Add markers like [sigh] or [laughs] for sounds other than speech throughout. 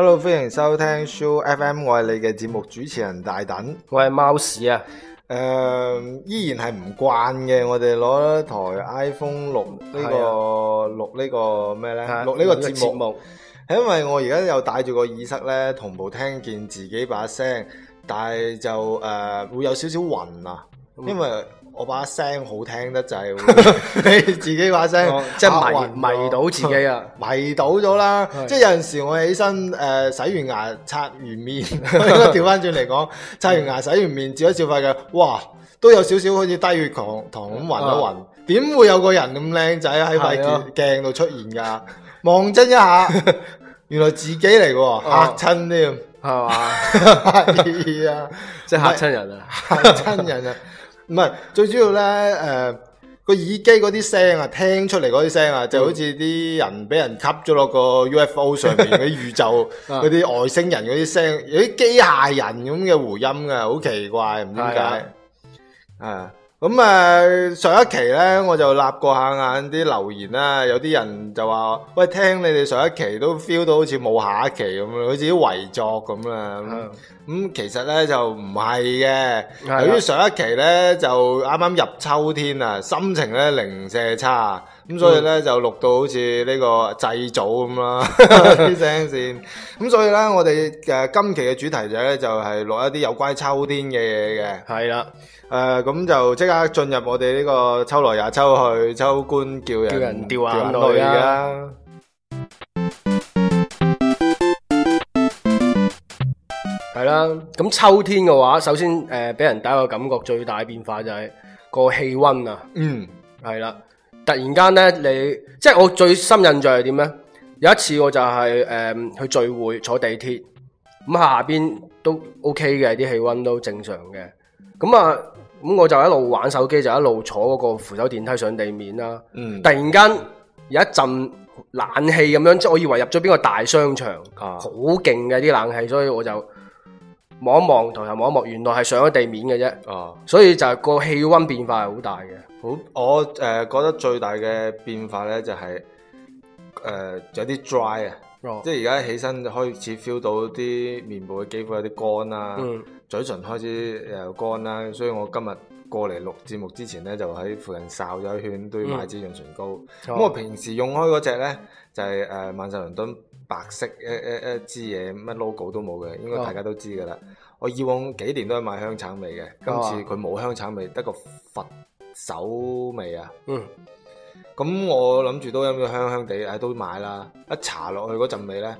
Hello，歡迎收聽 SooFM，我係你嘅節目主持人大躉。我係貓屎啊，誒、呃，依然係唔慣嘅。我哋攞一台 iPhone，這個啊、錄呢個錄呢個咩呢？啊、錄呢個節目，係因為我而家又帶住個耳塞呢，同步聽見自己把聲，但係就誒、呃、會有少少暈啊，嗯、因為。我把聲好聽得滯，你自己把聲，即係迷，迷到自己啊，迷到咗啦。即係有陣時我起身，誒，洗完牙，擦完面，調翻轉嚟講，擦完牙，洗完面，照一照塊鏡，哇，都有少少好似低血糖咁暈一暈。點會有個人咁靚仔喺塊鏡度出現噶？望真一下，原來自己嚟嘅，吓親添，係嘛？係啊，即係吓親人啊，吓親人啊！唔係，最主要咧，誒、呃、個耳機嗰啲聲啊，聽出嚟嗰啲聲啊，嗯、就好似啲人俾人吸咗落個 UFO 上面啲宇宙，嗰啲 [laughs] 外星人嗰啲聲， [laughs] 有啲機械人咁嘅回音啊，好奇怪，唔知點解，咁誒、嗯、上一期呢，我就立過下眼啲留言啦，有啲人就話：喂，聽你哋上一期都 feel 到好似冇下一期咁樣，好似啲遺作咁啦。咁的、嗯、其實呢，就唔係嘅，的由於上一期呢，就啱啱入秋天啊，心情呢，零舍差。咁所以咧就錄到好似呢個祭祖咁啦啲聲線。咁所以咧，我哋誒今期嘅主題就咧就係錄一啲有關秋天嘅嘢嘅。係啦，誒咁就即刻進入我哋呢個秋來也秋去，秋官教人教人掉眼淚啦。係啦，咁秋天嘅話，首先誒俾人第一個感覺最大嘅變化就係個氣温啊。嗯，係啦。突然間呢，你即係我最深印象係點呢？有一次我就係、誒嗯、去聚會坐地鐵，咁下邊都 OK 嘅，啲氣温都正常嘅。咁啊，咁我就一路玩手機，就一路坐嗰個扶手電梯上地面啦。嗯，突然間有一陣冷氣咁樣，即係、嗯、我以為入咗邊個大商場，好勁嘅啲冷氣，所以我就望一望，抬頭望一望，原來係上咗地面嘅啫。啊、所以就係個氣温變化係好大嘅。我誒、呃、覺得最大嘅變化咧，就係、是、誒、呃、有啲 dry 啊，嗯、即係而家起身就開始 feel 到啲面部嘅肌膚有啲乾啦、啊，嗯、嘴唇開始又乾啦、啊，所以我今日過嚟錄節目之前咧，就喺附近掃咗一圈，都要買支潤唇膏。咁、嗯嗯、我平時用開嗰隻咧，就係誒曼秀雷敦白色誒誒一支嘢，乜 logo 都冇嘅，應該大家都知㗎啦。嗯、我以往幾年都係買香橙味嘅，嗯、今次佢冇香橙味，得個佛手味啊，嗯，咁我諗住都飲咗香香地，唉都買啦，一搽落去嗰陣味咧，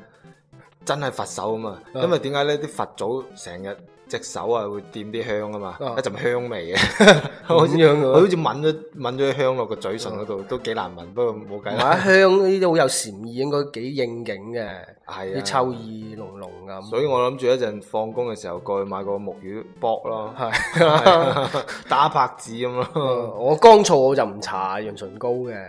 真係佛手咁嘛！是的 因為點解咧？啲佛祖成日。隻手啊，會掂啲香啊嘛，一陣香味嘅， [laughs] 好似聞咗聞咗香落個嘴唇嗰度，嗯、都幾難聞。不過冇計啦，香呢啲好有禪意，應該幾應景嘅，啲、啊、秋意濃濃咁。所以我諗住一陣放工嘅時候過去買個木魚剝咯，啊啊、 [laughs] 打拍子咁咯、嗯。我乾燥我就唔搽潤唇膏嘅。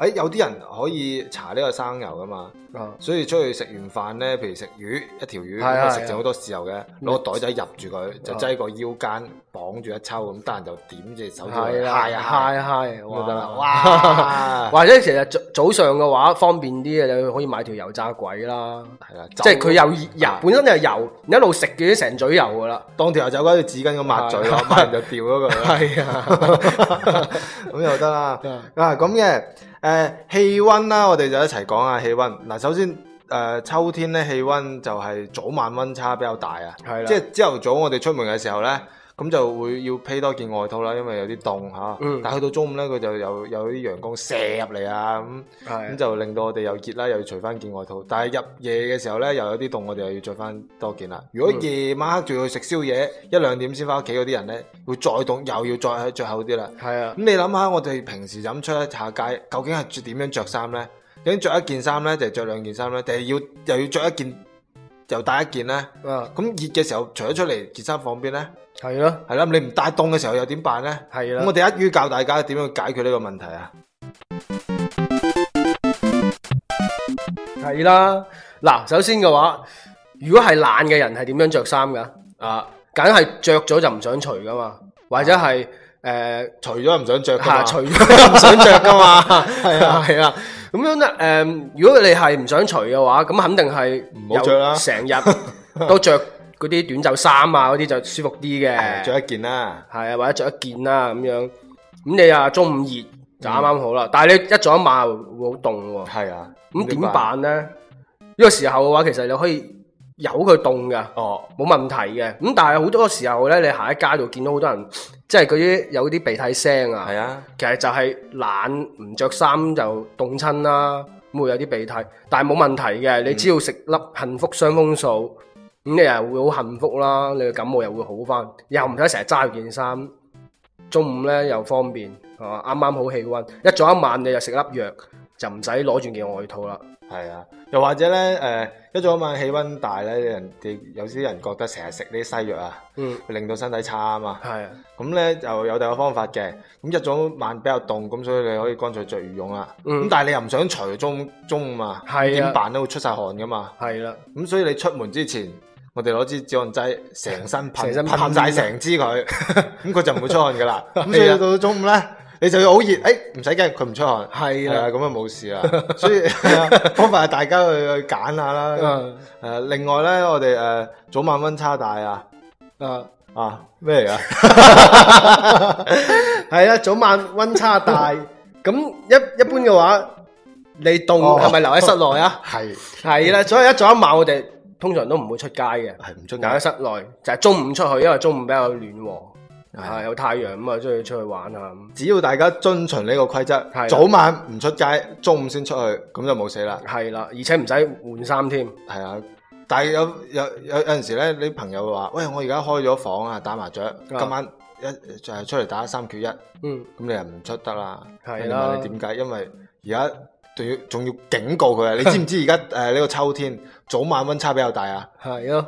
誒，有啲人可以搽呢個生油噶嘛？所以出去食完飯咧，譬如食魚一條魚，食剩好多豉油嘅，攞個袋仔入住佢，就擠個腰間綁住一抽咁，得閒就點住手住嚟嗨嗨揩，係，哇，或者其實早上嘅話方便啲嘅，你可以買條油炸鬼啦，係啦，即係佢又油，本身就油，你一路食嘅成嘴油噶啦，當條油炸鬼紙巾咁抹嘴咯，抹完就掉咗佢，係啊，咁又得啦，啊咁嘅。誒氣温啦，我哋就一齊講下氣温。嗱，首先誒、呃、秋天咧，氣温就係早晚温差比較大啊。係啦，即係朝頭早我哋出門嘅時候咧。咁就會要披多件外套啦，因為有啲凍嚇。嗯、但去到中午呢，佢就有有啲陽光射入嚟啊，咁咁是的 就令到我哋又熱啦，又要除翻件外套。但係入夜嘅時候呢，又有啲凍，我哋又要着翻多件啦。如果夜晚黑仲要食宵夜，一兩點先翻屋企嗰啲人呢，會再凍，又要再着厚啲啦。係啊，咁你諗下，我哋平時咁出一下街，究竟係點樣着衫呢？究竟着一件衫呢就着、是、兩件衫呢？定係要又要着一件又帶一件呢？咁、嗯、熱嘅時候除咗出嚟件衫放邊呢？係咯，係啦，你唔帶凍嘅時候又點辦咧？係啦的，我哋一於教大家點樣解決呢個問題啊！係啦，嗱，首先嘅話，如果係懶嘅人係點樣着衫噶？啊，梗係着咗就唔想除噶嘛，或者係誒除咗唔想着噶嘛，除咗唔想着噶嘛，係啊係啊，咁樣咧，誒、呃，如果你係唔想除嘅話，咁肯定係唔好着啦，成日都着。嗰啲短袖衫啊，嗰啲就舒服啲嘅，着一件啦，係啊，或者着一件啦、啊、咁樣。咁你啊中午熱就啱啱好啦，嗯、但係你一早一晚會好凍喎。係啊，咁點、啊、辦呢？呢怪個時候嘅話，其實你可以由佢凍噶，哦，冇問題嘅。咁但係好多時候呢，你行喺街度見到好多人，即係嗰啲有啲鼻涕聲啊。係啊，其實就係懶唔着衫就凍親啦，咁會有啲鼻涕，但係冇問題嘅，嗯、你只要食粒幸福傷風素。咁你又會好幸福啦，你嘅感冒又會好翻，又唔使成日揸件衫，中午咧又方便，啱啱好氣溫，一早一晚你又食粒藥，就唔使攞住件外套啦，係啊，又或者咧誒、呃、一早一晚氣溫大咧，人哋有啲人覺得成日食啲西藥啊，嗯，會令到身體差啊嘛，係、啊，咁咧就有第二個方法嘅，咁一早一晚比較凍，咁所以你可以乾脆着羽絨啦，咁、嗯、但係你又唔想除中中午啊，係，點辦都會出晒汗噶嘛，係啦、啊，咁所以你出門之前。我哋攞支止汗劑，成身噴噴晒成支佢，咁佢就唔會出汗噶啦。咁所以到咗中午咧，你就要好熱，誒唔使驚，佢唔出汗，係啦，咁啊冇事啦。所以方法大家去去揀下啦。誒，另外咧，我哋誒早晚溫差大啊，啊啊咩嚟噶？係啦，早晚溫差大，咁一一般嘅話，你凍係咪留喺室內啊？係係啦，所以一早一晚我哋。通常都唔會出街嘅，係唔出街，喺室內就係、是、中午出去，因為中午比較暖和，係的、啊、有太陽咁啊，中意出去玩啊。只要大家遵循呢個規則，的早晚唔出街，中午先出去，咁就冇死啦。係啦，而且唔使換衫添。係啊，但係有有有有陣時咧，你朋友話，喂，我而家開咗房啊，打麻雀，的今晚一就係出嚟打三缺一。嗯，咁你又唔出得啦。係啦的，點解你你？因為而家仲要仲要警告佢啊！你知唔知而家誒呢個秋天？ [laughs] 早晚温差比較大，是啊，係咯，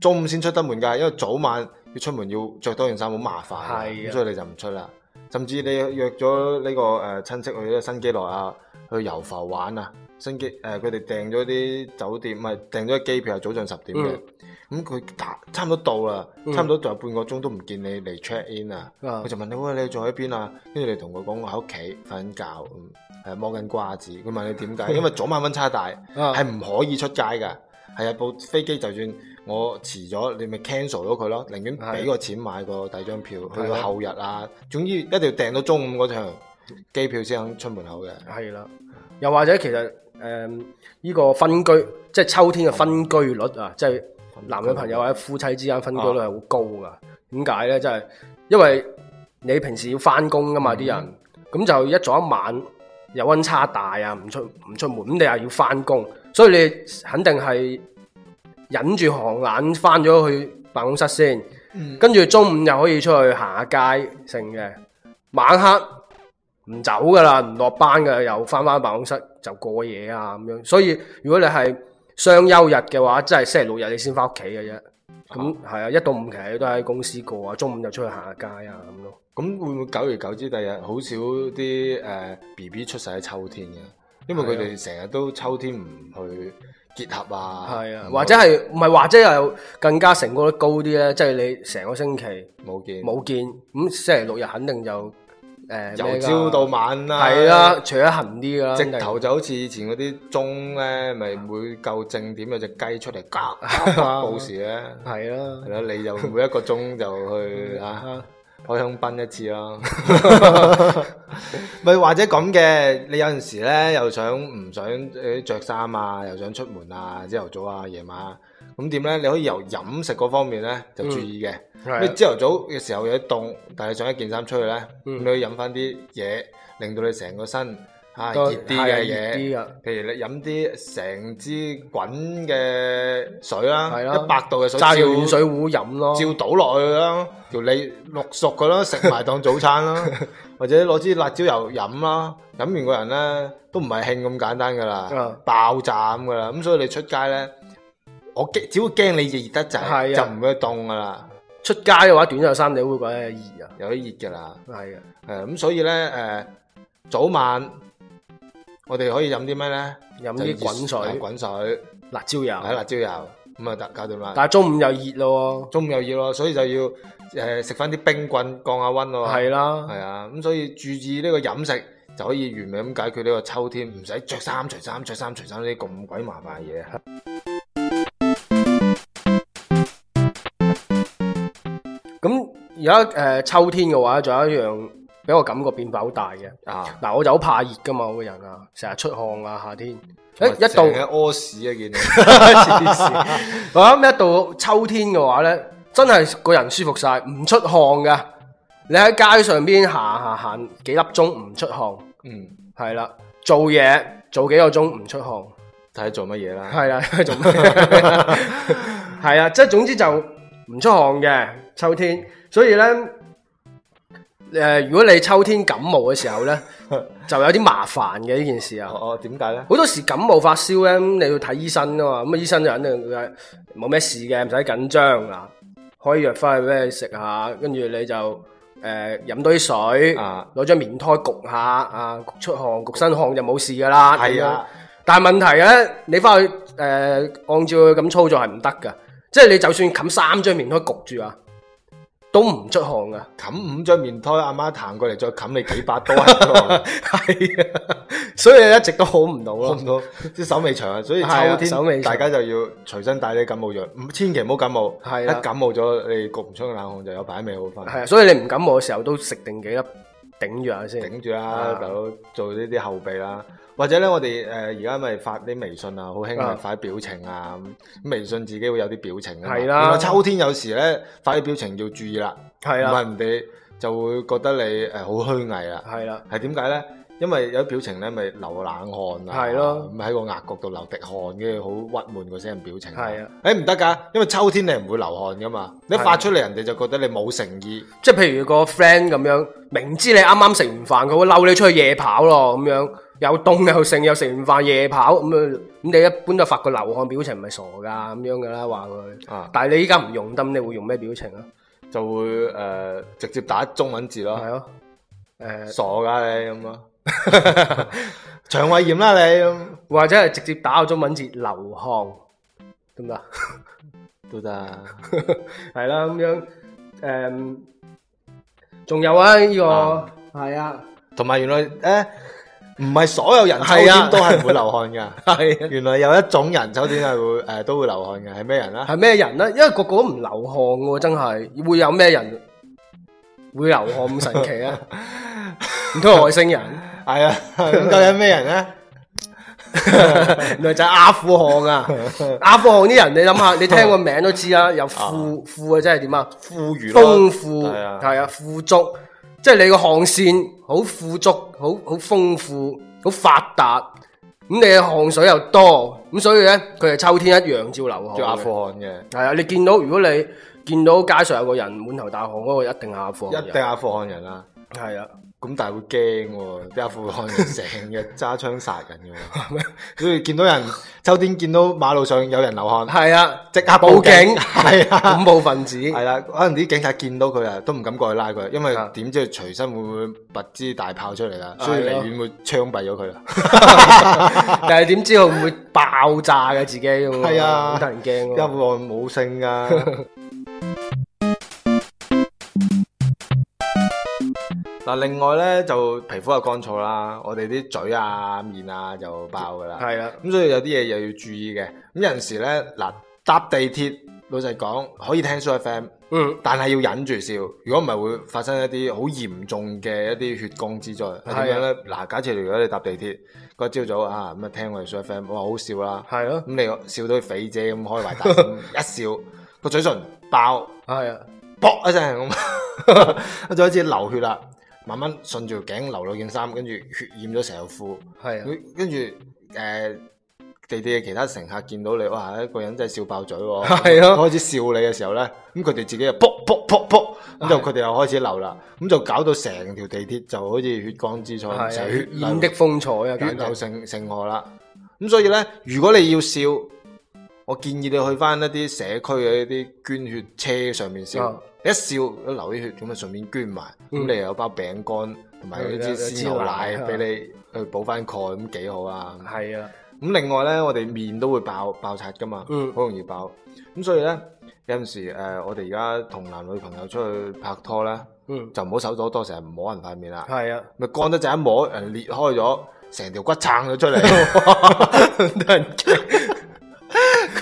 中午先出得門㗎，因為早晚要出門要着多件衫，好麻煩，係啊，所以你就唔出啦。甚至你約咗呢個誒親戚去呢新畿內亞，去遊浮玩啊，新基誒佢哋訂咗啲酒店，唔係訂咗機票係早上十點嘅。嗯咁佢打差唔多到啦，差唔多仲有半個鐘都唔見你嚟 check in 啊，嗯、我就問你：喂，你仲喺邊啊？跟住你同佢講我喺屋企瞓緊覺，係、嗯、摸緊瓜子。佢問你點解？的因為早晚溫差大，係唔、嗯、可以出街㗎。係啊，部飛機就算我遲咗，你咪 cancel 咗佢咯。寧願俾個錢買個第二張票的去到後日啊。總之一定要訂到中午嗰場機票先肯出門口嘅。係啦，又或者其實誒呢、嗯呢個分居，即係秋天嘅分居率啊，即係的。就是男女朋友或者夫妻之間分居率係好高噶，點解、啊、呢？真、就、係、是、因為你平時要翻工噶嘛，啲人咁就一早一晚又溫差大啊，唔出唔出門，咁你又要翻工，所以你肯定係忍住寒冷翻咗去辦公室先，跟住、嗯、中午又可以出去行下街剩嘅，晚黑唔走噶啦，唔落班㗎，又翻翻辦公室就過夜啊咁樣。所以如果你係，雙休日嘅話，即係星期六日你先翻屋企嘅啫。咁係啊，啊，一到五期都喺公司過啊，中午就出去行下街啊咁咯。咁、嗯、會唔會久而久之第二，第日好少啲誒 B B 出世喺秋天嘅？因為佢哋成日都秋天唔去結合啊，啊有有或者係唔係或者又有更加成功率高啲咧？即係你成個星期冇見冇見咁星期六日肯定就。誒，由朝到晚啦，係啦，除咗痕啲啦，直頭就好似以前嗰啲鐘咧，咪每夠正點有隻雞出嚟，吉報時咧，係啦，係啦，你就每一個鐘就去啊，開香檳一次啦，咪或者咁嘅，你有陣時咧又想唔想誒着衫啊，又想出門啊，朝頭早啊，夜晚。咁點咧？你可以由飲食嗰方面咧就注意嘅。你朝頭早嘅時候有啲凍，但係著一件衫出去咧，咁你可以飲翻啲嘢，令到你成個身嚇熱啲嘅嘢。譬如你飲啲成支滾嘅水啦，一百度嘅水，揸住暖水壺飲咯，照倒落去啦，條脷碌熟㗎咯，食埋當早餐啦，或者攞支辣椒油飲啦，飲完個人咧都唔係興咁簡單噶啦，爆炸噶啦。咁所以你出街咧。我驚，只要驚你熱得滯就唔會凍噶啦。出街嘅話，短袖衫你會覺得熱啊，有啲熱噶啦。係啊，誒咁所以咧，誒早晚我哋可以飲啲咩咧？飲啲滾水，滾水，辣椒油，係辣椒油。咁啊，搞掂啦。但係中午又熱咯，中午又熱咯，所以就要誒食翻啲冰棍降下溫咯。係啦，係啊，咁所以注意呢個飲食就可以完美咁解決呢個秋天，唔使着衫除衫、着衫除衫呢啲咁鬼麻煩嘅嘢。而家誒秋天嘅話，仲有一樣俾我感覺變化好大嘅。嗱、啊，我就好怕熱㗎嘛，我個人啊，成日出汗啊，夏天。誒有，一到屙屎啊，見你。我諗一到秋天嘅話咧，真係個人舒服晒，唔出汗㗎。你喺街上邊行行行幾粒鐘唔出汗。嗯，係啦，做嘢做幾個鐘唔出汗。睇下、嗯、做乜嘢啦？係啦，做乜嘢？ [laughs] 係啊，即係總之就唔出汗嘅秋天。所以咧，誒、呃，如果你秋天感冒嘅時候咧， [laughs] 就有啲麻煩嘅呢件事啊。哦，點解咧？好多時感冒發燒咧，你要睇醫生噶嘛。咁、嗯、啊，醫生就肯定冇咩事嘅，唔使緊張。嗱，可以約翻去俾你食下，跟住你就誒飲、呃、多啲水，攞、啊、張棉胎焗下啊，焗出汗，焗身汗就冇事噶啦。係啊、嗯的，但係問題咧，你翻去誒、呃、按照咁操作係唔得噶，即係你就算冚三張棉胎焗住啊。都唔出汗噶，冚五張棉胎，阿媽彈過嚟再冚你幾百刀，係 [laughs] 啊， [laughs] 所以一直都好唔到咯，即手尾長啊，所以秋天手長大家就要隨身帶啲感冒藥，唔千祈唔好感冒，一、啊、感冒咗你焗唔出嘅冷汗就有擺未好翻，係、啊，所以你唔感冒嘅時候都食定幾粒頂藥先，頂住啦，啊、大佬做呢啲後備啦。或者咧，我哋誒而家咪發啲微信啊，好興咪發啲表情啊，咁的微信自己會有啲表情啊。嘛的。係啦，秋天有時咧發啲表情要注意啦，唔係人哋就會覺得你誒好虛偽啦。係啦的，係點解咧？因為有啲表情咧咪流冷汗啊，係咯的，喺個額角度流滴汗嘅，好鬱悶嗰些人表情。係啊的，誒唔得噶，因為秋天你唔會流汗噶嘛，你發出嚟人哋就覺得你冇誠意。的即係譬如個 friend 咁樣，明知你啱啱食完飯，佢會嬲你出去夜跑咯，咁樣。有凍又剩又食完飯夜跑咁啊，咁你一般都發個流汗表情，唔係傻噶咁樣噶啦，話佢。啊、但係你依家唔用，咁你會用咩表情啊？就會誒、呃、直接打中文字咯。係咯、啊。誒、呃。傻噶你咁咯。 [laughs] [laughs] 腸胃炎啦你，或者係直接打個中文字流汗得唔得？行不行都得、啊。係啦、 [laughs] 啊，咁樣誒，仲、嗯、有啊呢、這個係啊。同埋、啊、原來誒。欸唔係所有人秋天都係會流汗的。是、啊 [laughs] 啊，原來有一種人秋天係會、呃、都會流汗嘅，係咩人啊？係咩人呢？因為個個都唔流汗嘅，真係會有咩人會流汗咁 [laughs] 神奇啊？唔通係外星人？是啊？咁究竟係咩人呢 [laughs] 原來就係阿富汗啊， [laughs] 阿富汗啲人，你諗下，你聽個名字都知道有富，啊、富嘅，即係點啊？富裕、豐富，係啊，富足。即係你個汗腺好富足，好好豐富，好發達，咁你嘅汗水又多，咁所以咧，佢係秋天一樣照流汗嘅。阿富汗嘅，係啊！你見到，如果你見到街上有個人滿頭大汗，嗰、嗰個一定係阿富汗人，一定阿富汗人啦，係啊。咁但係會驚，阿富汗成日揸槍殺人嘅，所以 [laughs] 見到人，秋天見到馬路上有人流汗，係啊，即刻報警，係警啊，恐怖分子，係啦、啊，可能啲警察見到佢啊，都唔敢過去拉佢，因為點知隨身會唔會拔支大炮出嚟啦，所以寧願會槍斃咗佢啊。 [laughs] [laughs] 但係點知會唔會爆炸嘅自己，係啊，好得人驚，阿富汗冇性噶。 [laughs] 嗱，另外咧就皮膚又乾燥啦，我哋啲嘴啊、面啊就爆噶啦。係啊，咁所以有啲嘢又要注意嘅。咁、嗯、有陣時咧，嗱搭地鐵，老實講可以聽 SooFM，嗯，但係要忍住笑，如果唔係會發生一啲好嚴重嘅一啲血光之災，係點樣咧？嗱，假設如果你搭地鐵個朝早啊，咁、嗯、啊聽我哋 SooFM，我話好笑啦，係咯、啊，咁、嗯、你笑到肥姐咁開懷大一笑個 [laughs] 嘴唇爆，係啊，卜一聲咁，嗯、 [laughs] 一陣開始流血啦。慢慢順住條頸流落件衫，跟住血染咗成條褲。係啊，跟住誒地鐵嘅其他乘客見到你，哇！一個人真係笑爆嘴喎，係咯，開始笑你嘅時候咧，咁佢哋自己又噗噗噗噗，咁就佢哋又開始流啦，咁是、啊、就搞到成條地鐵就好似血光之災，是啊、血染的風采啊，染成成河啦。咁是、啊、所以咧，如果你要笑，我建議你去翻一啲社區嘅一啲捐血車上面先。一笑都流啲血，咁咪順便捐埋。咁、嗯、你又有包餅乾同埋一支鮮牛、嗯嗯、奶俾你去補翻鈣，咁幾、嗯、好啊！係啊的。咁另外咧，我哋面都會爆爆拆㗎嘛，好、嗯、容易爆。咁所以咧有陣時誒、呃，我哋而家同男女朋友出去拍拖咧，嗯、就唔好手咗多成，日唔摸人塊面啦。係啊的，咪乾得淨一,一摸，人裂開咗，成條骨撐咗出嚟，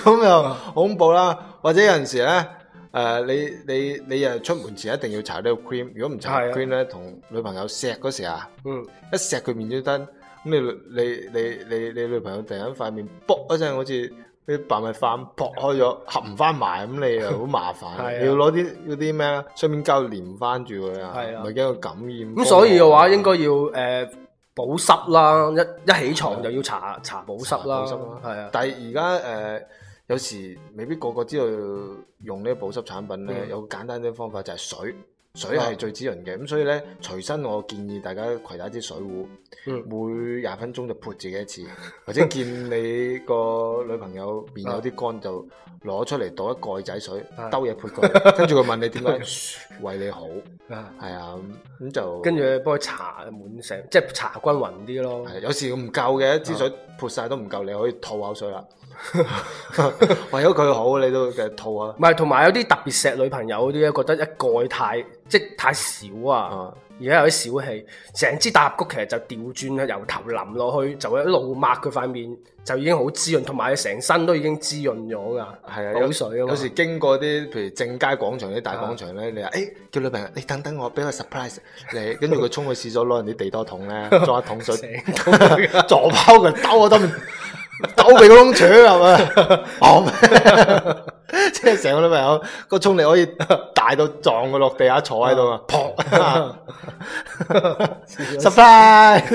咁又好恐怖啦、啊！或者有陣時咧。誒、呃，你你你又出門前一定要搽呢個 cream，如果唔搽 cream 咧，同的女朋友錫嗰時啊，嗯、一錫佢面都得，咁你你你你你女朋友突然間塊面卜一陣好似啲白米飯撲開咗，的合唔翻埋，咁你又好麻煩，的你要攞啲啲咩啊，雙面膠粘翻住佢啊，唔好驚佢感染。咁所以嘅話，應該要誒、呃、保濕啦，一一起床就要搽搽的保濕啦，係啊。的但係而家誒。呃有時未必個個知道用呢個保濕產品咧，有簡單啲方法就係水，水係最滋潤嘅。咁所以咧，隨身我建議大家携帶一支水壺，每廿分鐘就潑自己一次，或者見你個女朋友面有啲乾，就攞出嚟倒一蓋仔水，兜嘢潑過，跟住佢問你點解，為你好，係啊，咁就跟住幫佢搽滿成，即係搽均匀啲咯。係，有時唔夠嘅，一支水潑晒都唔夠，你可以吐口水啦。 [laughs] 為咗佢好，你都嘅套啊，唔係，同埋有啲特別錫女朋友啲，覺得一蓋太即係太少啊，嗯、而家有啲小氣，成支大合谷其實就掉轉由頭淋落去就一路抹佢塊面，就已經好滋潤，同埋佢成身都已經滋潤咗噶，係啊的，水嘛有水啊，有時經過啲譬如正佳廣場啲大廣場咧，嗯、你話誒、欸、叫女朋友，你等等我俾個 surprise 你，跟住佢衝去廁所攞人啲地拖桶咧，裝 [laughs] 一桶水， [laughs] [laughs] 坐拋佢兜我都。 [laughs] [laughs] 斗鼻窿，搶係嘛，即係成個女朋友個衝力可以大到撞佢落地下坐喺度啊，撲砰，失晒 [laughs] ！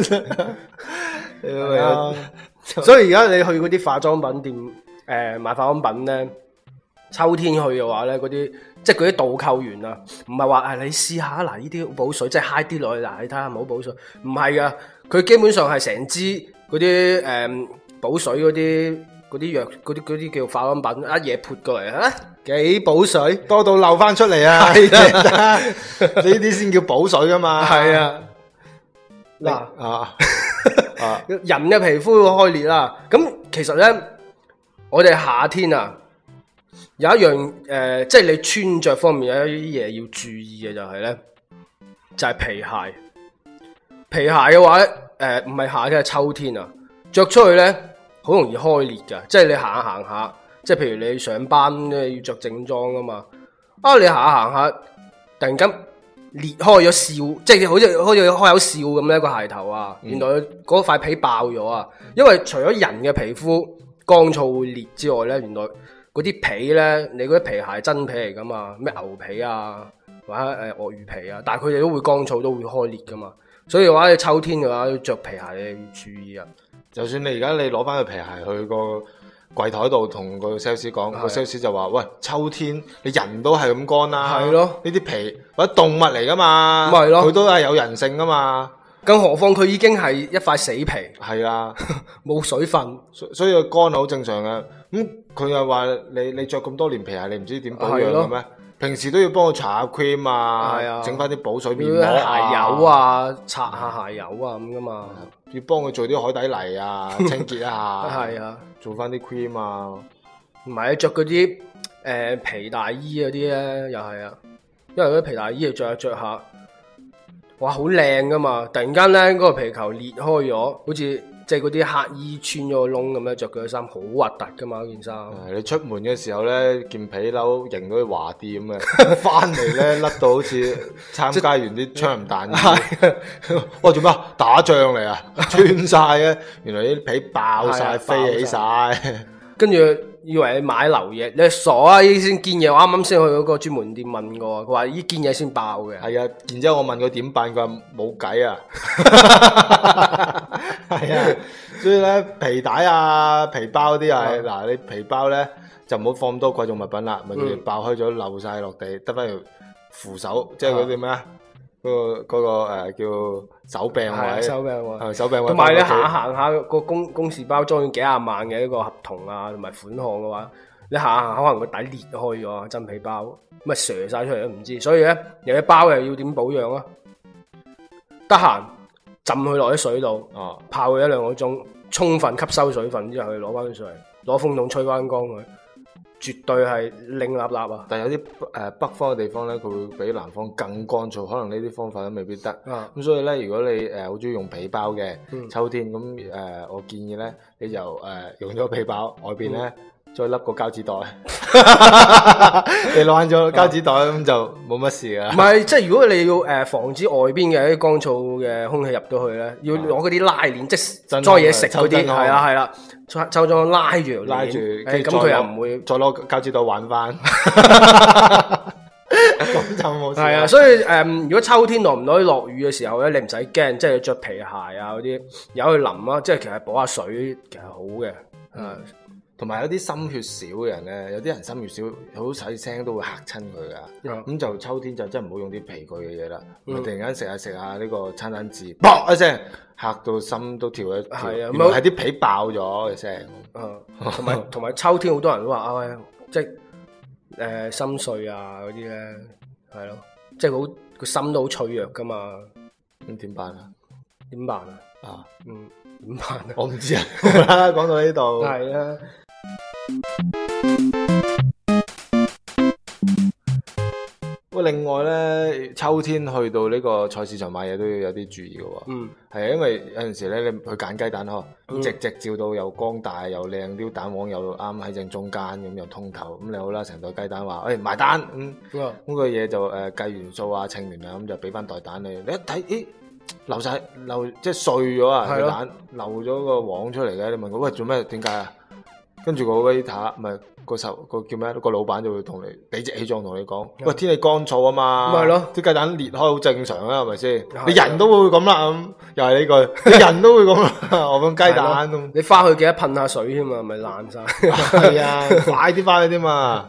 所以而家你去嗰啲化妝品店誒、呃、買化妝品咧，秋天去嘅話咧，嗰啲即係嗰啲導購員啊，唔係話係你試下嗱，呢啲補水即係 high 啲落去嗱，你睇下冇補水唔係噶，佢、啊、基本上係成支嗰啲誒。嗯補水嗰啲嗰啲藥嗰啲啲叫化妝品，一嘢潑過嚟啊！幾補水多到漏翻出嚟啊！呢啲先叫補水噶嘛？係的啊，嗱啊你啊， [laughs] 人嘅皮膚開裂啦。咁、啊、其實咧，我哋夏天啊，有一樣誒，即、呃、係、就是、你穿着方面有一啲嘢要注意嘅，就係咧，就係皮鞋。皮鞋嘅話咧，誒、呃，唔係夏天，係秋天啊。着出去呢，好容易開裂㗎。即係你行下行下，即係譬如你上班呢要着正裝啊嘛，啊你行下行下，突然間裂開咗笑，即係好似好似開口笑咁呢個鞋頭啊，原來嗰塊皮爆咗啊！嗯、因為除咗人嘅皮膚乾燥會裂之外呢，原來嗰啲皮呢，你嗰啲皮鞋真皮嚟噶嘛，咩牛皮啊，或者誒鱷魚皮啊，但佢哋都會乾燥都會開裂噶嘛，所以話你秋天嘅話，要着皮鞋你要注意啊。就算你而家你攞翻個皮鞋去個櫃台度，同個 sales 講，個 sales 就話，喂，秋天你人都係咁乾啦，係咯，呢啲皮或者動物嚟噶嘛，咪係咯，佢都係有人性噶嘛，更何況佢已經係一塊死皮，係啊，冇水分，所所以佢乾好正常嘅。咁佢又話：你你著咁多年皮鞋，你唔知點保養㗎咩？平時都要幫我搽下 cream 啊，整翻啲補水面膜、鞋油啊，擦下鞋油啊咁噶嘛。要幫佢做啲海底泥啊，清潔一下， [laughs] 是係啊，做啊，做翻啲 cream 啊，唔係佢着嗰啲皮大衣嗰啲咧，又係啊，因為嗰啲皮大衣就着下著下，哇，好靚噶嘛！突然間咧，嗰、嗰個皮球裂開咗，好似～即係嗰啲乞衣穿咗個窿咁樣着佢啲衫，好核突噶嘛！件衫、呃。你出門嘅時候咧，件皮褸型到啲華啲咁嘅，翻嚟咧甩到好似參加完啲槍林彈雨。哇 [laughs] [laughs] 哦！做咩？打仗嚟啊！穿晒嘅， [laughs] 原來啲皮爆晒，啊、飛起晒，了 [laughs] 跟住。以為你買流嘢，你傻啊！呢件嘢我啱啱先去嗰個專門店問過，佢話呢件嘢先爆嘅。係啊，然之後我問佢點辦，佢話冇計啊。係 [laughs] 啊 [laughs] 所以咧皮帶啊、皮包啲啊，嗱你皮包咧就唔好放咁多貴重物品啦，咪佢哋爆開咗漏晒落地，得翻條扶手即係嗰啲咩啊？嗰、那個嗰、那個誒、呃、叫手柄位，手柄位，手柄位。同埋、嗯、你行行下個公公事包裝咗幾廿萬嘅一個合同啊，同埋款項嘅話，你行行下可能個底裂開咗，真皮包咁咪瀉晒出嚟都唔知。所以咧，有啲包又要點保養啊？得閒浸佢落啲水度啊，泡佢一兩個鐘，充分吸收水分之後，去攞翻佢上嚟，攞風筒吹翻乾佢。絕對係擰立立啊！但有啲北方嘅地方咧，佢會比南方更乾燥，可能呢啲方法都未必得。咁、嗯、所以咧，如果你好中意用皮包嘅、嗯、秋天，咁、呃、我建議咧，你就、呃、用咗皮包外邊咧。嗯再笠個膠紙袋，你攞翻咗膠紙袋咁就冇乜事啊！唔係，即係如果你要誒防止外邊嘅一啲乾燥嘅空氣入到去咧，要攞嗰啲拉鏈，即係裝嘢食嗰啲，係啦係啦，抽抽咗拉住，咁佢又唔會再攞膠紙袋玩翻。咁就冇事。係啊，所以誒，如果秋天落唔到落雨嘅時候咧，你唔使驚，即係要着皮鞋啊嗰啲有去淋啊，即係其實補下水其實好嘅，誒。同埋有啲心血少嘅人咧，有啲人心血少，好細聲都會吓親佢噶。咁、嗯、就秋天就真係唔好用啲皮具嘅嘢啦。嗯、突然間食下食下呢個餐餐字，噏一聲吓到心都跳一跳。啊，咁係啲皮爆咗嘅聲，嗯為，同埋同埋秋天好多人都話，唉、哎，即係誒、呃、心碎啊嗰啲咧，係咯，即係好個心都好脆弱噶嘛。點、嗯、辦,辦啊？點、嗯、辦啊？啊，嗯，點辦啊？我唔知啊。講到呢度，係啊。不另外咧，秋天去到呢個菜市場買嘢都要有啲注意嘅、哦。嗯，係因為有陣時咧，你去揀雞蛋嗬，嗯、直直照到又光大又靚，啲蛋黃又啱喺正中間，咁又通透。咁、嗯、你好啦，成袋雞蛋話誒埋單，嗯，咁的個嘢就誒、呃、計完數啊，稱完啊，咁就俾翻袋蛋你。你一睇咦，流晒漏即係碎咗啊，個的蛋漏咗個黃出嚟嘅。你問佢：「喂做咩？點解啊？跟住個 waiter 唔係個受個叫咩？個老闆就會同你理直氣壯同你講：喂，天氣乾燥啊嘛，咪咯，啲雞蛋裂開好正常啊，係咪先？你人都會咁啦，咁又係呢句，你人都會咁啦。我講雞蛋，你翻去記得噴下水添嘛，咪爛晒。係啊，快啲翻去添嘛，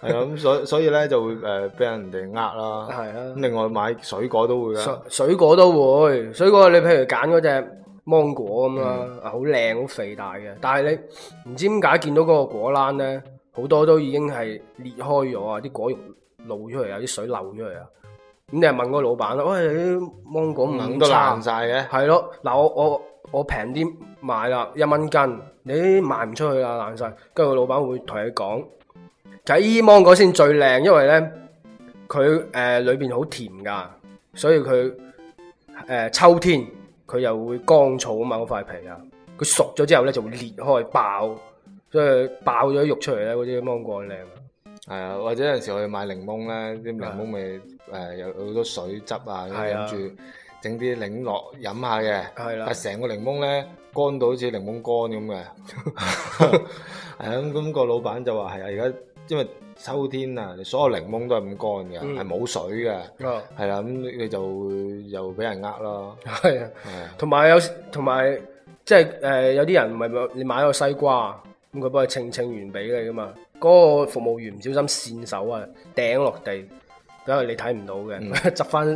係啊，咁所所以咧就會誒俾人哋呃啦。係啊，另外買水果都會噶，水果都會。水果你譬如揀嗰隻。芒果咁啦，好靚、嗯、好、啊、肥大嘅。但係你唔知點解見到嗰個果欄咧，好多都已經係裂開咗啊！啲果肉露出嚟，有啲水漏出嚟啊！咁你係問個老闆啦，喂、哎，芒果唔咁都爛晒嘅，係咯？嗱，我我我平啲買啦，一蚊斤。你賣唔出去啦，爛晒。跟住個老闆會同你講，就係芒果先最靚，因為咧佢誒裏邊好甜噶，所以佢誒、呃、秋天。佢又會乾燥啊嘛，嗰塊皮啊，佢熟咗之後咧就會裂開爆，所以爆咗肉出嚟咧，嗰啲芒果靚。係啊，或者有陣時我去買檸檬咧，啲檸檬味，的呃、有好多水汁啊，諗住的的整啲檸樂飲下嘅，但成個檸檬咧乾到好似檸檬乾咁嘅，係咁、嗯，咁、 [laughs] 嗯咁個老闆就話係啊，而家。因為秋天啊，所有檸檬都係咁乾嘅，係冇水嘅，係啦，咁你就又俾人呃咯，係啊，同埋有同埋即係誒有啲人唔係你買個西瓜，咁佢幫你稱稱完俾你㗎嘛。嗰個服務員唔小心線手啊，掟落地，因為你睇唔到嘅，執返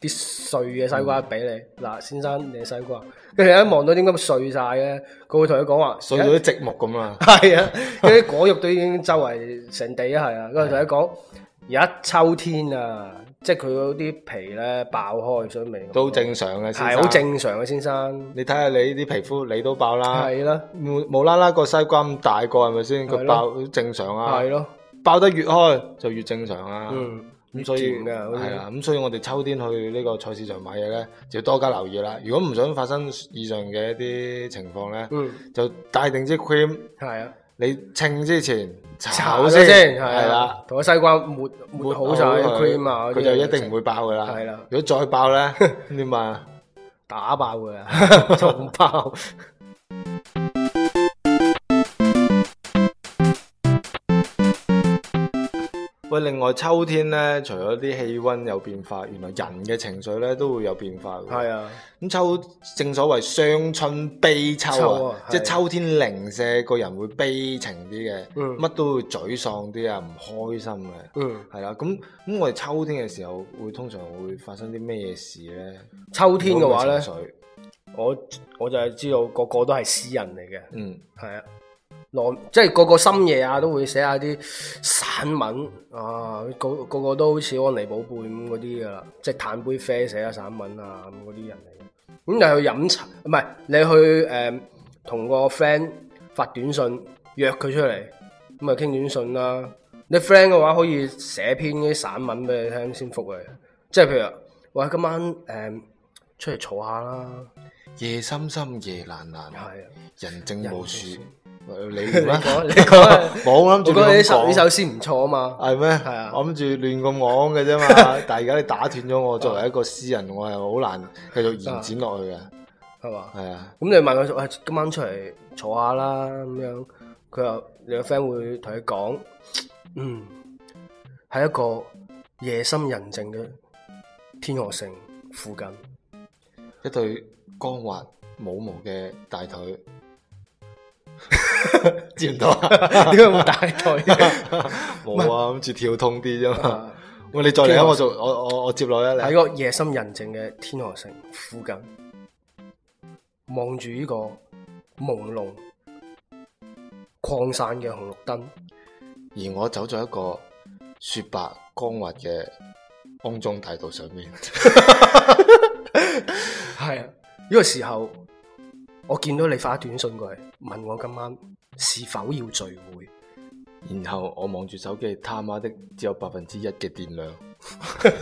啲碎嘅西瓜俾你嗱，先生你嘅西瓜。看跟住，一望到點解碎晒嘅？佢會同你講，話碎到啲積木咁啊。係啊，嗰啲果肉都已經周圍成地啊，係啊。佢同你講而家秋天啊，即係佢嗰啲皮咧爆開，所以未都正常嘅，係好正常嘅先生。哎、先生你睇下你啲皮膚你都爆啦，係啦的，無啦啦個西瓜咁大個係咪先？佢的爆正常啊，係咯的，爆得越開就越正常啊。嗯咁所以係啦，咁、啊、所以我哋秋天去呢個菜市場買嘢咧，就要多加留意啦。如果唔想發生以上嘅一啲情況咧，嗯、就帶定支 cream。啊，你稱之前炒先，先，啦、啊，同個、啊、西瓜抹抹好曬 cream 啊，佢就一定唔會爆噶啦。啦、啊，如果再爆咧，點啊？ [laughs] 打爆佢的啊，仲 [laughs] 爆！ [laughs] 喂，另外秋天咧，除咗啲氣温有變化，原來人嘅情緒咧都會有變化。係啊，咁秋正所謂傷春悲秋啊，秋啊即係秋天零舍，個人會悲情啲嘅，乜、嗯、都會沮喪啲、嗯、啊，唔開心嘅。嗯，係啦，咁咁我哋秋天嘅時候會通常會發生啲咩嘢事咧？秋天嘅話咧，我我就係知道那個個都係詩人嚟嘅。嗯，係啊。即係個個深夜啊，個個都會寫下啲散文啊，個個個都好似安妮寶貝咁嗰啲噶啦，即係歎杯啡寫下散文啊，咁嗰啲人嚟嘅。咁你去飲茶唔係，你去誒同個 friend 發短信約佢出嚟，咁啊傾短信啦。你 friend 嘅話可以寫篇啲散文俾你聽先復佢，即係譬如話今晚誒、嗯、出嚟坐下啦。夜深深夜蘭蘭，夜難難，人靜無樹。你講你講，你說 [laughs] 我諗住呢首呢首詩唔錯啊嘛，係咩嗎？係啊，我諗住亂咁講嘅啫嘛， [laughs] 但係而家你打斷咗我，作為一個詩人， [laughs] 我係好難繼續延展落去嘅，係嘛 [laughs] 吧？係啊，咁你問佢，今晚出嚟坐下啦咁樣，佢又你個 friend 會同佢講，嗯，喺一個夜深人靜嘅天河城附近， [laughs] 一對光滑冇毛嘅大腿。接唔到，點解咁大台？冇 [laughs] 啊，諗住 [laughs] 跳通啲啫嘛。我你再嚟我做我我我接落啦。喺個夜深人靜嘅天河城附近，望住呢個朦朧擴散嘅紅綠燈，而我走咗一個雪白光滑嘅空中大道上面。係 [laughs] [laughs] 啊，呢 [laughs] 個時候。我見到你發短信過嚟問我今晚是否要聚會，然後我望住手機，他媽的只有百分之一嘅電量。 [laughs]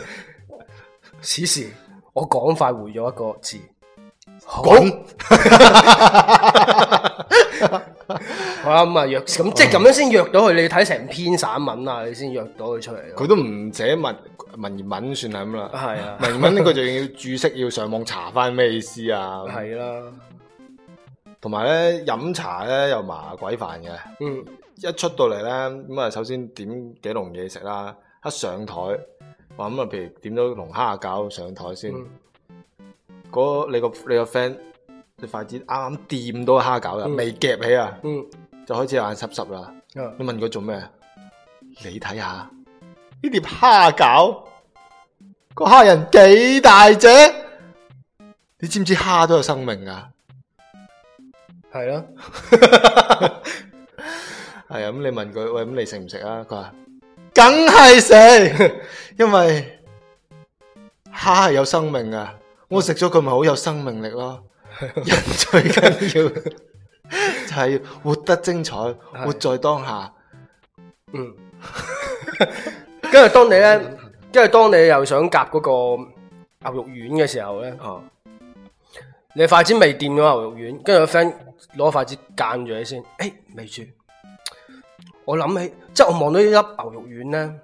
此時我趕快回咗一個字：講好。 [laughs] 好啦，咁啊約，咁即係咁樣先約到佢。你要睇成篇散文，文，文，文 [laughs] 是啊，你先約到佢出嚟。佢都唔寫文文言文，算係咁啦。係啊，文言文呢個仲要注釋，要上網查翻咩意思啊？係啦、 [laughs] 啊。同埋咧，飲茶咧又麻鬼煩嘅。嗯，一出到嚟咧，咁啊，首先點幾籠嘢食啦？一上台，話咁啊，譬如點咗龍蝦餃上台先。嗰、嗯嗰個、你個你個 friend，你筷子啱啱掂到蝦餃未、嗯、夾起啊？嗯，就開始眼濕濕啦、嗯。你問佢做咩？你睇下呢碟蝦餃，個蝦仁幾大隻？你知唔知蝦都有生命噶？係咯，係啊。咁 [laughs] 你問佢喂，咁你食唔食啊？佢話梗係食， [laughs] 因為蝦係有生命㗎，是我食咗佢，咪好有生命力咯。 [laughs] 人最緊要 [laughs] 就係活得精彩，是活在當下。嗯，跟 [laughs] 住當你咧，跟住當你又想夾嗰個牛肉丸嘅時候咧，哦，你筷子未掂到牛肉丸，跟住個 friend。攞筷子間住你先，哎、欸、未住，我諗起，即係我望到呢粒牛肉丸呢，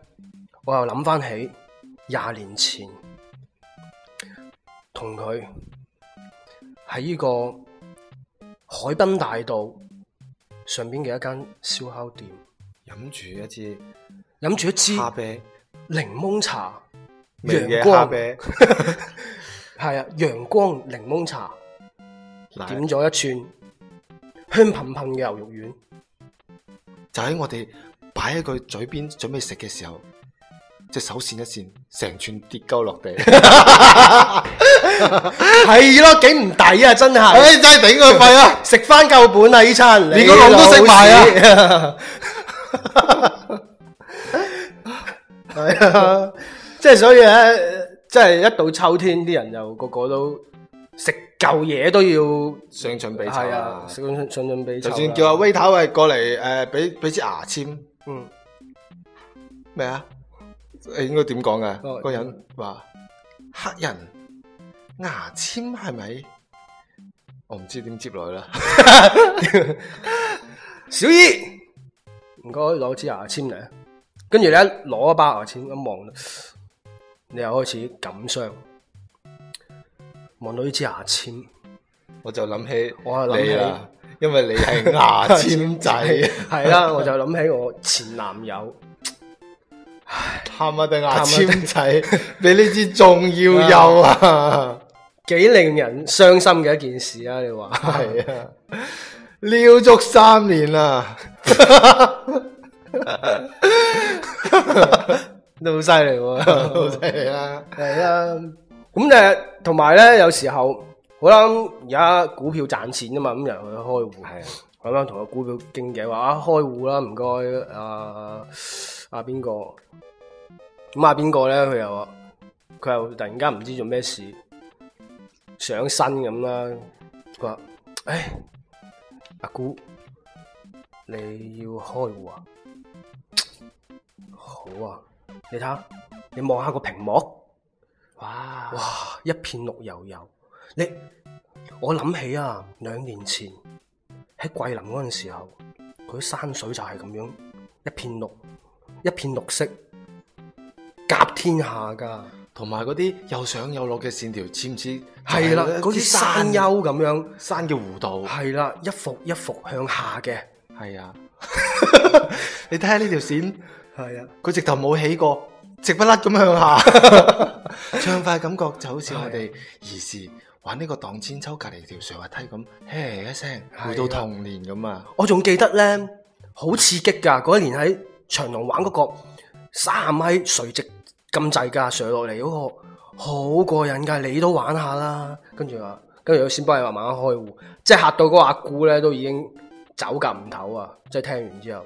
我又諗返起廿年前同佢喺呢個海濱大道上面嘅一間燒烤店飲住一支飲住一支咖啡檸檬茶，陽光，係哈啤 [laughs] 啊，陽光檸檬茶，來點咗一串，香噴噴嘅牛肉丸，就喺我哋擺喺佢嘴邊準備食嘅時候，隻手扇一扇，成串跌鳩落地。係咯，幾唔抵啊！真 [laughs] 係， [laughs] [laughs] [laughs] 真係頂佢肺啊！食翻夠本啦，呢餐連個龍都食埋啊！係啊，即係所以咧，即係一到秋天，啲人就個個都。食舊嘢都要上進俾籌啊！上進俾籌，就算叫阿威頭喂過嚟誒，俾、呃、俾支牙籤，嗯，咩啊？應該點講嘅？個、哦、人話、嗯、黑人牙籤係咪？我唔知點接落去啦 [laughs] [laughs] 姨。小姨，唔該攞支牙籤嚟，跟住咧攞一包牙籤咁望，你又開始感傷。望到呢支牙籤，我就諗起，我係諗起啦，因為你係牙籤仔，係啦，我就諗起我前男友，喊下定牙籤仔，比呢支仲要幼啊，幾令人傷心嘅一件事啊，你話係啊，撩足三年啦，都好犀利喎，好犀利啊，係啊。咁誒，同埋呢，有時候好啦，而家股票賺錢啊嘛，咁人去開戶，係啊，我啱同個股票經紀話啊開戶啦，唔該，啊啊邊個？咁啊邊個呢？佢又佢又突然間唔知做咩事，上身咁啦，佢話誒，阿姑你要開戶啊？好啊，你睇下，你望下個屏幕。Wow, 哇！一片綠油油，你我諗起啊，兩年前喺桂林嗰陣時候，佢山水就係咁樣，一片綠，一片綠色，甲天下噶，同埋嗰啲又上又落嘅線條，似唔似？係啦，好似山丘咁樣，山嘅弧度，係啦，一幅一幅向下嘅，係啊， [laughs] 你睇下呢條線，係啊的，佢直頭冇起過，直不甩咁向下。 [laughs] 暢快感覺就好似我哋兒時玩呢個蕩千秋，隔離條上滑梯咁，嘿一聲回的到童年咁啊！我仲記得咧，好刺激噶，嗰一年喺長隆玩嗰個三米垂直咁滯噶，上落嚟嗰個好過癮噶，你都玩下啦。跟住話，跟住我先幫你慢慢開戶，即係嚇到嗰個阿姑咧，都已經走夾唔唞啊！即係聽完之後，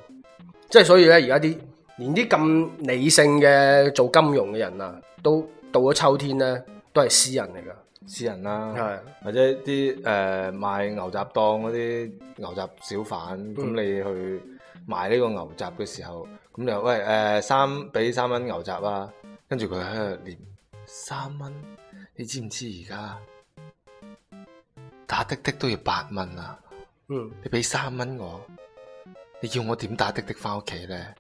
即係所以咧，而家啲連啲咁理性嘅做金融嘅人啊，都～到咗秋天咧，都係私人嚟㗎，私人啦、啊，是的 或者啲誒、呃、賣牛雜檔嗰啲牛雜小販，咁、嗯、你去賣呢個牛雜嘅時候，咁你話喂誒、呃、三俾三蚊牛雜啦、啊，跟住佢喺度連三蚊，你知唔知而家打滴滴都要八蚊啊？嗯，你俾三蚊我，你叫我點打滴滴返屋企咧？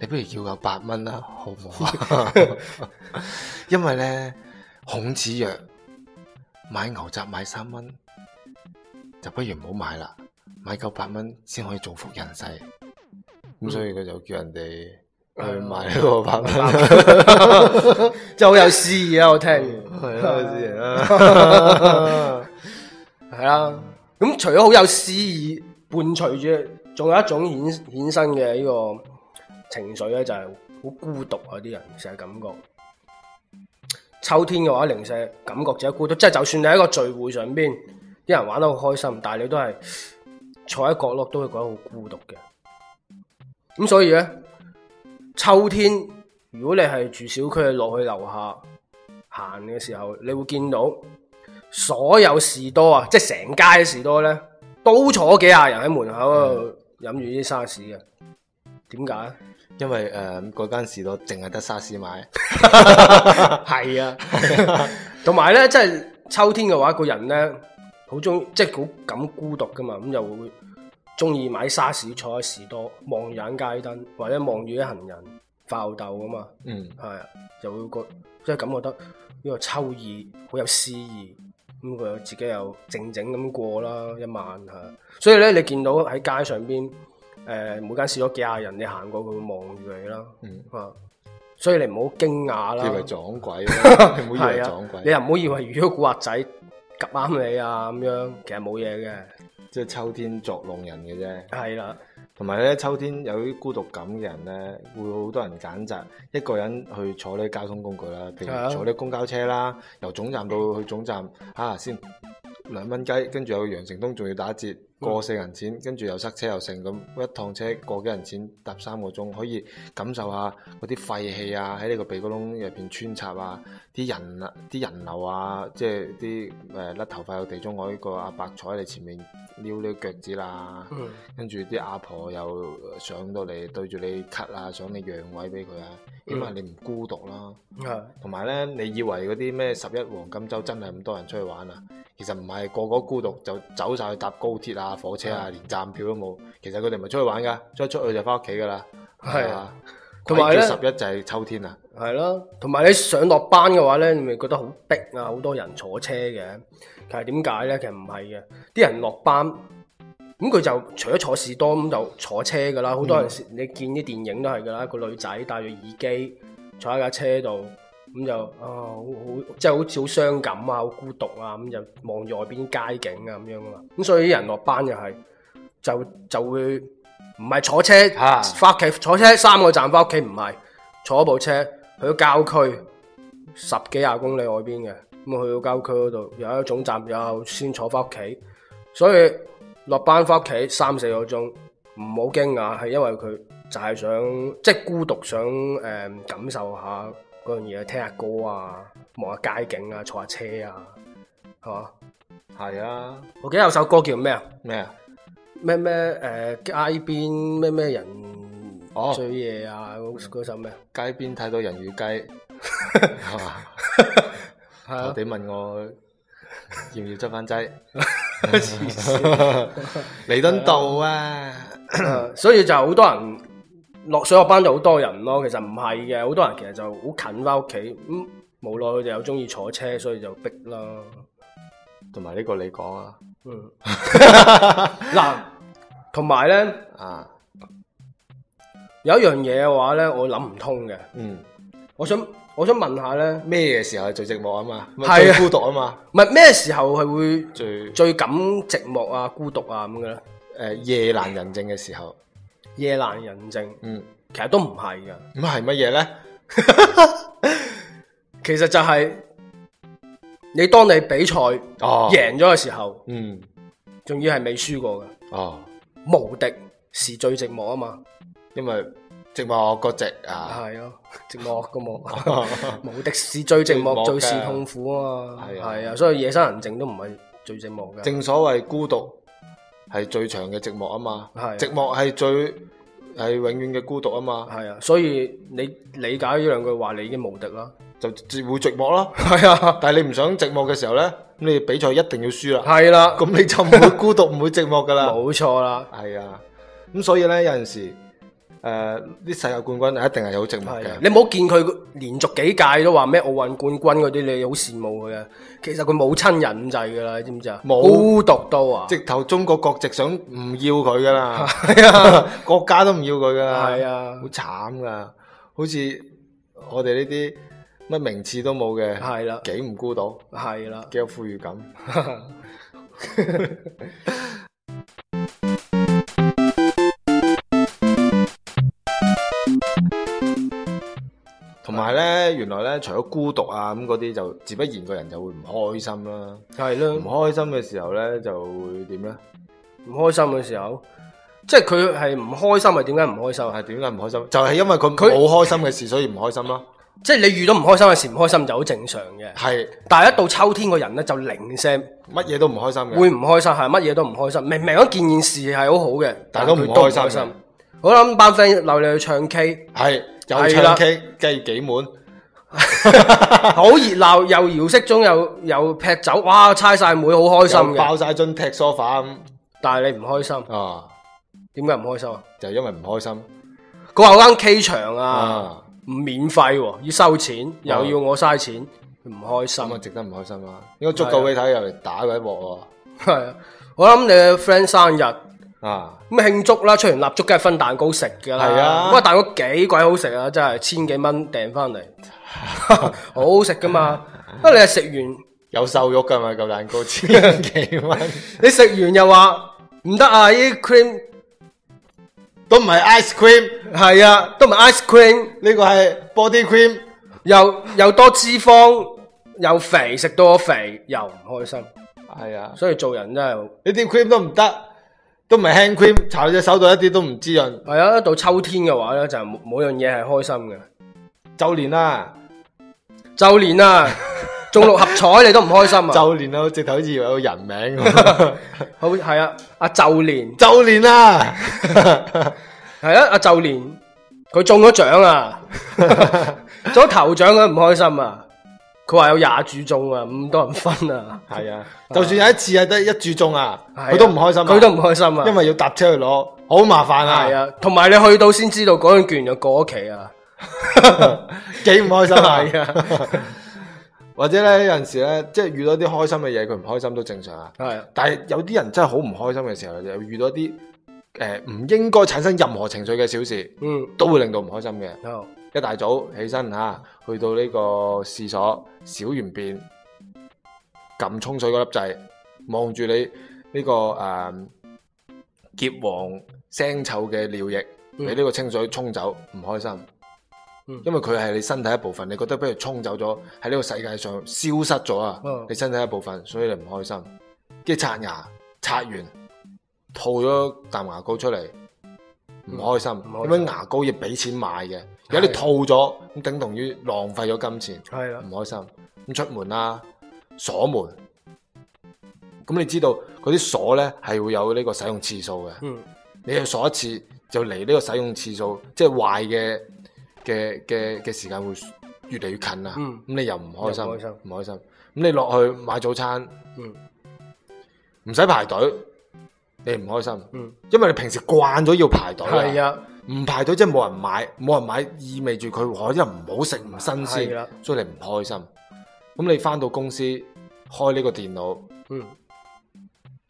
你不如叫個八蚊啦，好唔好啊？ [laughs] 因為咧呢，孔子曰：買牛雜買三蚊，就不如唔好買啦。買夠八蚊先可以造福人世。咁所以佢就叫人哋去買呢個八蚊，真係好有詩意啊！我聽完係 [laughs] 啊，係啦，咁除咗好有詩意，伴隨住，仲有一種衍生嘅呢個。情緒咧就係好孤獨啊！啲人成日感覺秋天嘅話，零舍感覺就係孤獨。即係就算你喺一個聚會上邊，啲人玩得好開心，但係你都係坐喺角落，都會覺得好孤獨嘅。咁所以咧，秋天如果你係住小區落去樓下行嘅時候，你會見到所有士多啊，即係成街嘅士多咧，都坐幾廿人喺門口度飲住啲沙士嘅。點解？因為誒，嗰間士多淨係得沙士買，係 [laughs] [laughs] 啊，同埋咧，即係秋天嘅話，個人咧好中意，即係好感孤獨噶嘛，咁、嗯、又會中意買沙士坐喺士多望住啲街燈，或者望住啲行人爆斗噶嘛，嗯，係啊，就會覺得即係感覺到呢個秋意好有詩意，咁、嗯、佢自己又靜靜咁過啦一晚吓，所以咧你見到喺街上邊。誒每間少咗幾廿人，你行過佢會望住你啦，嗯、啊！所以你唔好驚訝啦，以為撞鬼 [laughs] 你唔好以為撞鬼。你又唔好以為遇到古惑仔及啱你啊咁樣，其實冇嘢嘅，即係秋天作弄人嘅啫。係啦的，同埋咧，秋天有啲孤獨感嘅人咧，會好多人揀擇一個人去坐呢啲交通工具啦，譬如坐啲公交車啦，由的總站到去總站嚇、啊、先兩蚊雞，跟住有羊城通仲要打折。過四人錢，跟住又塞車又剩咁，一趟車過幾人錢，搭三個鐘可以感受下嗰啲廢氣啊，喺呢個鼻哥窿入邊穿插啊，啲人啊，啲人流啊，即係啲誒甩頭髮嘅地中海個阿伯坐喺你前面撩撩腳趾啦、啊，跟住啲阿婆又上到嚟對住你咳啊，想你讓位俾佢啊，嗯、起碼你唔孤獨啦，同埋咧你以為嗰啲咩十一黃金周真係咁多人出去玩啊？其實唔係個個孤獨就走晒去搭高鐵啊。啊，火車啊，連站票都冇。其實佢哋唔係出去玩噶，一出，出去就翻屋企噶啦。係啊，同埋十一就係秋天啦。係咯、啊，同埋、啊、你上落班嘅話咧，你咪覺得好逼啊，好多人坐車嘅。其實點解咧？其實唔係嘅，啲人落班咁佢就除咗坐士多咁就坐車噶啦。好多時、嗯、你見啲電影都係噶啦，個女仔戴住耳機坐喺架車度。咁就啊，好即係好似好，好，好傷感啊，好孤獨，就是、啊，咁就望外邊街景啊，咁樣啦。咁所以啲人落班又係就就會唔係坐車翻屋企，坐車三個站翻屋企唔係坐部車去到郊區十幾廿公里外邊嘅，咁去到郊區嗰度有一總站有，又先坐翻屋企。所以落班翻屋企三四個鐘唔好驚訝，係因為佢就係想即係、就是、孤獨想，想、嗯、誒感受下。嗰樣嘢啊，聽下歌啊，望下街景啊，坐下車啊，係嘛？係啊，我記得有首歌叫咩啊？咩啊麼？咩咩誒街邊咩咩人醉夜啊？嗰首咩啊？街邊睇、啊哦、到人與雞，你問我要唔要執翻劑？彌敦道啊， [coughs] 所以就好多人。落水落班就好多人咯，其實唔係嘅，好多人其實就好近返屋企，咁無奈佢哋又中意坐車，所以就逼啦。同埋呢個你講啊，嗯，嗱， [laughs] 同埋咧啊，有一樣嘢嘅話咧，我諗唔通嘅，嗯，我想、嗯、我，想我想問一下咧，咩時候係最寂寞啊嘛，最孤獨啊嘛，唔係咩時候係會最最感寂寞啊孤獨啊咁嘅咧？誒、呃，夜闌人靜嘅時候。夜闌人靜，嗯，其實都唔係噶，咁係乜嘢咧？ [laughs] 其實就係、是、你當你比賽贏咗嘅時候，嗯，仲要係未輸過噶，哦，無敵是最寂寞啊嘛，因為寂寞我、那個寂啊，係啊，寂寞、那個寞， [laughs] 無敵是最寂寞，寂寞最是痛苦啊嘛，係啊，啊，所以夜深人靜都唔係最寂寞嘅，正所謂孤獨係最長嘅寂寞啊嘛，係、啊、寂寞係最係永遠嘅孤獨啊嘛，係啊，所以你理解呢兩句話，你已經無敵啦，就會寂寞咯，係啊，但係你唔想寂寞嘅時候呢，咁你比賽一定要輸啦，係啦、啊，咁你就唔會孤獨，唔 [laughs] 會寂寞噶啦，冇錯啦，係啊，咁所以呢，有陣時。誒，啲世界冠軍係一定係有寂寞嘅，你冇見佢連續幾屆都話咩奧運冠軍嗰啲，你好羨慕佢嘅。其實佢冇親人咁滯噶啦，你知唔知啊？沒孤獨到啊！直頭中國國籍想唔要佢噶啦，係啊，國家都唔要佢噶啦，係啊的，好慘噶，好似我哋呢啲乜名次都冇嘅，係啦的，幾唔孤獨，係啦的，幾有富裕感。 [laughs] [laughs] 係咧，原來咧除咗孤獨啊，咁嗰啲就自不然個人就會唔開心啦、啊。係咯的，唔開心嘅時候咧就會點咧？唔開心嘅時候，即係佢係唔開心，係點解唔開心？係點解唔開心？就係、是、因為佢冇開心嘅事，他所以唔開心咯、啊。即係你遇到唔開心嘅事，唔開心就好正常嘅。係是，但係一到秋天的呢，個人咧就零聲，乜嘢都唔開心嘅，會唔開心係乜嘢都唔開心。明明一件件事係好好嘅，但係都唔開，開心。我諗班 friend 留你去唱 K 係。又唱 K，計幾滿，好熱鬧，又搖骰盅又又劈酒，哇，猜晒梅，好開心爆晒樽，踢 sofa 但係你唔開心，啊，點解唔開心啊？就因為唔開心，佢話間 K 場啊唔、啊、免費、啊，要收錢，啊、又要我嘥錢，唔開心，咁啊值得唔開心啊應該足夠、啊、你睇又嚟打一鑊喎，啊我諗你 friend 生日。啊！咁慶祝啦，出完蠟燭梗係分蛋糕食噶啦。咁啊蛋糕幾鬼好食啊！真係千幾蚊訂翻嚟， [laughs] 好好食噶嘛？不過 [laughs] 你係食完有瘦肉噶嘛？個蛋糕千幾蚊，你食完又話唔得啊？呢啲 cream 都唔係 ice cream，係啊，都唔係 ice cream。呢個係 body cream，又又多脂肪，又肥，食到我肥又唔開心。係啊，所以做人真係，呢啲 cream 都唔得。都唔係 hand cream 搽，隻手度一啲都唔滋潤，係啊！一到秋天嘅話咧，就冇樣嘢係開心嘅。就連啦、啊，就連啦、啊， [laughs] 中六合彩你都唔開心啊！就連啊，直頭好似有人名咁， [laughs] 好，係啊，阿、啊、就連，就連啦，係啊，阿 [laughs] 就、啊啊、連，佢中咗獎啊， [laughs] 中咗頭獎佢唔開心啊！佢話有廿注中啊，咁多人分啊，係啊，就算有一次啊得一注中啊，佢、啊、都唔開心，佢都唔開心啊，因為要搭車去攞，好麻煩啊，係啊，同埋你去到先知道嗰樣券又過期啊，幾唔開心啊，或者咧有陣時咧，即係遇到啲開心嘅嘢，佢唔開心都正常啊，係、啊，但係有啲人真係好唔開心嘅時候，又遇到啲誒唔應該產生任何情緒嘅小事，嗯，都會令到唔開心嘅。哦。一大早起身吓，去到呢個廁所小便，撳沖水嗰粒掣，望住你呢、這個誒、嗯、結黃腥臭嘅尿液，俾呢、嗯、個清水沖走，唔開心。嗯、因為佢係你身體一部分，你覺得俾佢沖走咗喺呢個世界上消失咗啊！嗯、你身體一部分，所以你唔開心。跟住刷牙，刷完吐咗啖牙膏出嚟，唔開心。點解、嗯、牙膏要俾錢買嘅？有啲套咗，咁的等同於浪費咗金錢，係啦的，唔開心。咁出門啦，鎖門，咁你知道嗰啲鎖咧係會有呢個使用次數嘅。嗯，你去鎖一次，就離呢個使用次數，即係壞嘅嘅嘅嘅時間會越嚟越近啦。咁、嗯、你又唔開心，唔開心，唔開心。咁你落去買早餐，嗯，唔使排隊，你唔開心，嗯，因為你平時慣咗要排隊嘅。係啊。唔排隊即係冇人買，冇人買意味住佢，話即係唔好食唔新鮮，的所以你唔開心。咁你翻到公司開呢個電腦，嗯，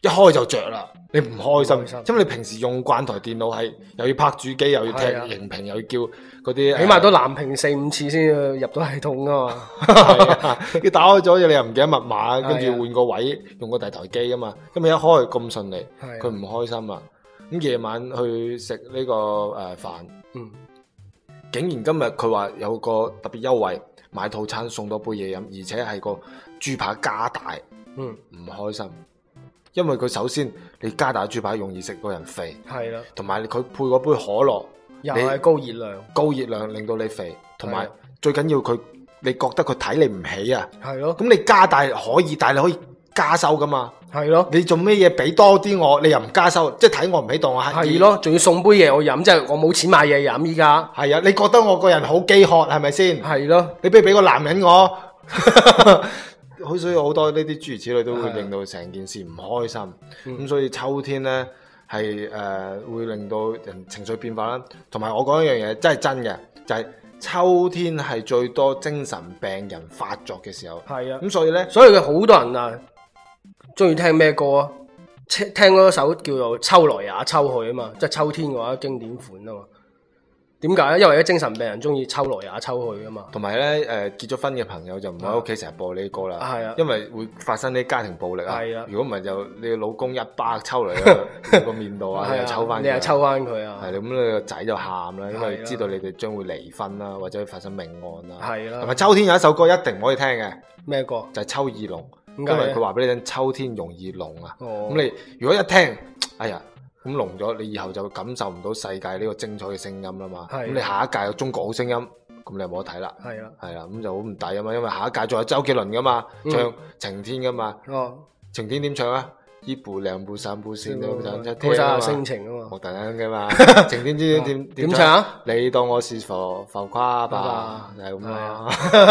一開就着啦，你唔開心，開心因為你平時用慣台電腦係又要拍主機，又要踢螢屏，的又要叫嗰啲，的 uh, 起碼都藍屏四五次先入到系統噶、啊、嘛。 [laughs] 你打開咗，你又唔記得密碼，跟住換個位用個大台機噶嘛。咁你一開咁順利，佢唔開心啊。咁夜晚去食呢個誒飯，嗯，竟然今日佢話有個特別優惠，買套餐送多杯嘢飲，而且係個豬扒加大，嗯，唔開心，因為佢首先你加大豬扒容易食個人肥，係啦的，同埋佢配嗰杯可樂又係高熱量，高熱量令到你肥，同埋的最緊要佢你覺得佢睇你唔起啊，係咯的，咁你加大可以，但係你可以。加收噶嘛？係咯，你做咩嘢？俾多啲我，你又唔加收，即係睇我唔起當我。係咯，仲要送杯嘢我飲，即係我冇錢買嘢飲依家。係啊，你覺得我個人好飢渴，係咪先？係咯，你不如俾個男人我。好， [laughs] [laughs] 所以好多呢啲諸如此類都會令到成件事唔開心。咁、嗯、所以秋天呢，係誒、呃、會令到人情緒變化啦。同埋我講一樣嘢，真係真嘅，就係、是、秋天係最多精神病人發作嘅時候。係啊，咁所以呢，所以佢好多人啊。中意聽咩歌啊？聽嗰首叫做《秋來也秋去》啊嘛，即係秋天嘅話，經典款啊嘛。點解咧？因為啲精神病人中意秋來也秋去啊嘛。同埋咧，誒結咗婚嘅朋友就唔喺屋企成日播呢啲歌啦，的因為會發生啲家庭暴力的啊。係啊，如果唔係就你老公一巴抽嚟個面度啊，又抽翻，你又抽翻佢啊。係咁你個仔就喊啦，的因為知道你哋將會離婚啦，或者會發生命案啦。係啊的，同埋秋天有一首歌一定唔可以聽嘅，咩歌？就係《秋意濃》。因為佢話俾你聽，秋天容易濃啊。咁你如果一聽，哎呀，咁濃咗，你以後就感受唔到世界呢個精彩嘅聲音啦嘛。咁你下一屆有中國好聲音，咁你又冇得睇啦。係啊，係啊，咁就好唔抵啊嘛。因為下一屆仲有周杰倫噶嘛，唱晴天噶嘛。哦，晴天點唱啊？一步兩步三步先，冇曬心情啊嘛。我等等嘛。晴天點點點點唱？你當我是浮誇吧。係咁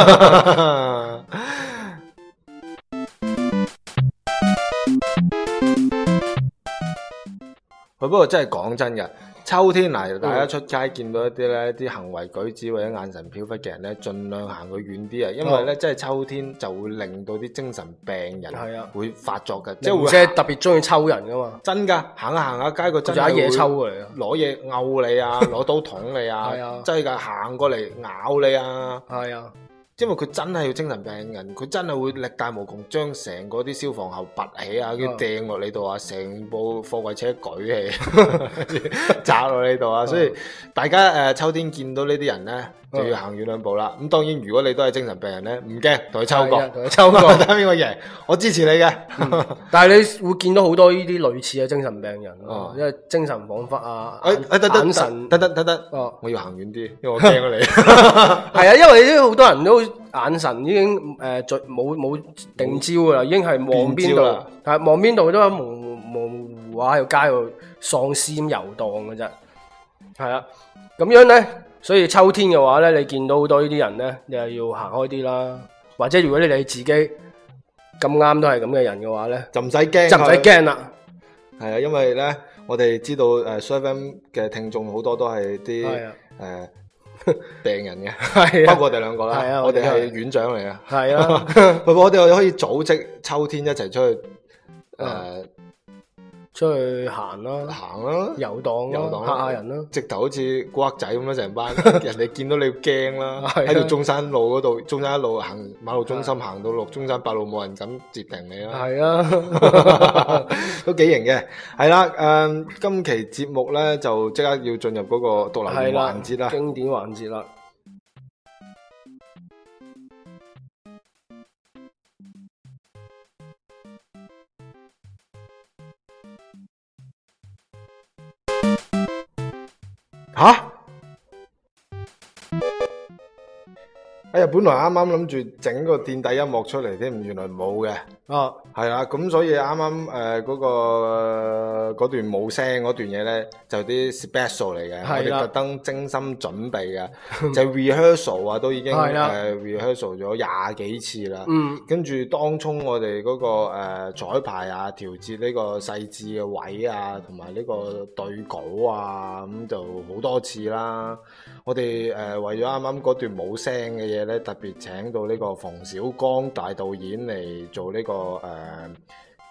佢不過真係講真嘅，秋天嗱，大家出街見到一啲咧，啲、嗯、行為舉止或者眼神飄忽嘅人咧，盡量行去遠啲啊，哦、因為咧，真係秋天就會令到啲精神病人係啊會發作嘅，啊、即係會即係特別中意抽人噶嘛。真噶，行下行下街個陣有嘢抽過嚟，攞嘢嘔你啊，攞、啊、刀捅你啊，係啊真係噶行過嚟咬你啊，係啊。因為佢真係有精神病人，佢真係會力大無窮，將成個啲消防喉拔起啊，佢掟落你度啊，成部貨櫃車舉起，砸落你度啊，所以大家誒、呃，秋天見到呢啲人咧。就要行遠兩步啦，咁當然如果你都係精神病人咧，唔驚同佢抽過，同佢抽過，睇邊個贏，我支持你嘅、 [laughs] 嗯。但係你會見到好多呢啲類似嘅精神病人，嗯、因為精神恍惚啊，啊啊眼神，等等等等，啊、得得得得得得哦，我要行遠啲，因為我驚咗你。係啊， [laughs] [laughs] 因為好多人都眼神已經誒，冇冇定焦噶啦，已經係望邊度，係望邊度都模模糊糊啊，喺個街度喪屍咁遊蕩㗎啫。係啊，咁樣咧。所以秋天嘅話咧，你見到好多呢啲人咧，你就要行開啲啦。或者如果你你自己咁啱都係咁嘅人嘅話咧，就唔使驚，就唔使驚啦。係啊，因為咧，我哋知道誒 SooFM 嘅聽眾好多都係啲誒病人嘅。係啊，包括我哋兩個啦、啊啊，我哋係院長嚟嘅。係啊，不過 [laughs] 我哋可以組織秋天一齊出去誒。呃嗯出去、啊、行啦、啊，行啦、啊，遊蕩啦，嚇下人啦、啊，直頭好似蠱惑仔咁啦，成班人哋 [laughs] 見到你驚啦，喺度 [laughs] 中山路嗰度，中山一路行，馬路中心行到落 [laughs] 中山八路，冇人敢截停你啦，係啊， [laughs] [laughs] 都幾型嘅，係啦，誒、嗯，今期節目咧就即刻要進入嗰個獨立嘅環節啦，經典環節啦。吓！哎呀，本來啱啱諗住整個墊底音樂出嚟添，原來冇嘅。哦，係啦、oh, 啊，咁所以啱啱誒個個段冇聲段嘢咧，就啲 special 嚟嘅，啊、我哋特登精心準備嘅， [laughs] 就係 rehearsal 啊，都已經經誒、啊呃、rehearsal 咗廿幾次啦。嗯，跟住當初我哋、嗰個誒、呃、彩排啊，調節呢個細緻嘅位啊，同埋呢個對稿啊，咁、嗯、就好多次啦。我哋誒、呃、為咗啱啱段冇聲嘅嘢咧，特別請到呢個馮小剛大導演嚟做呢、呢個。個誒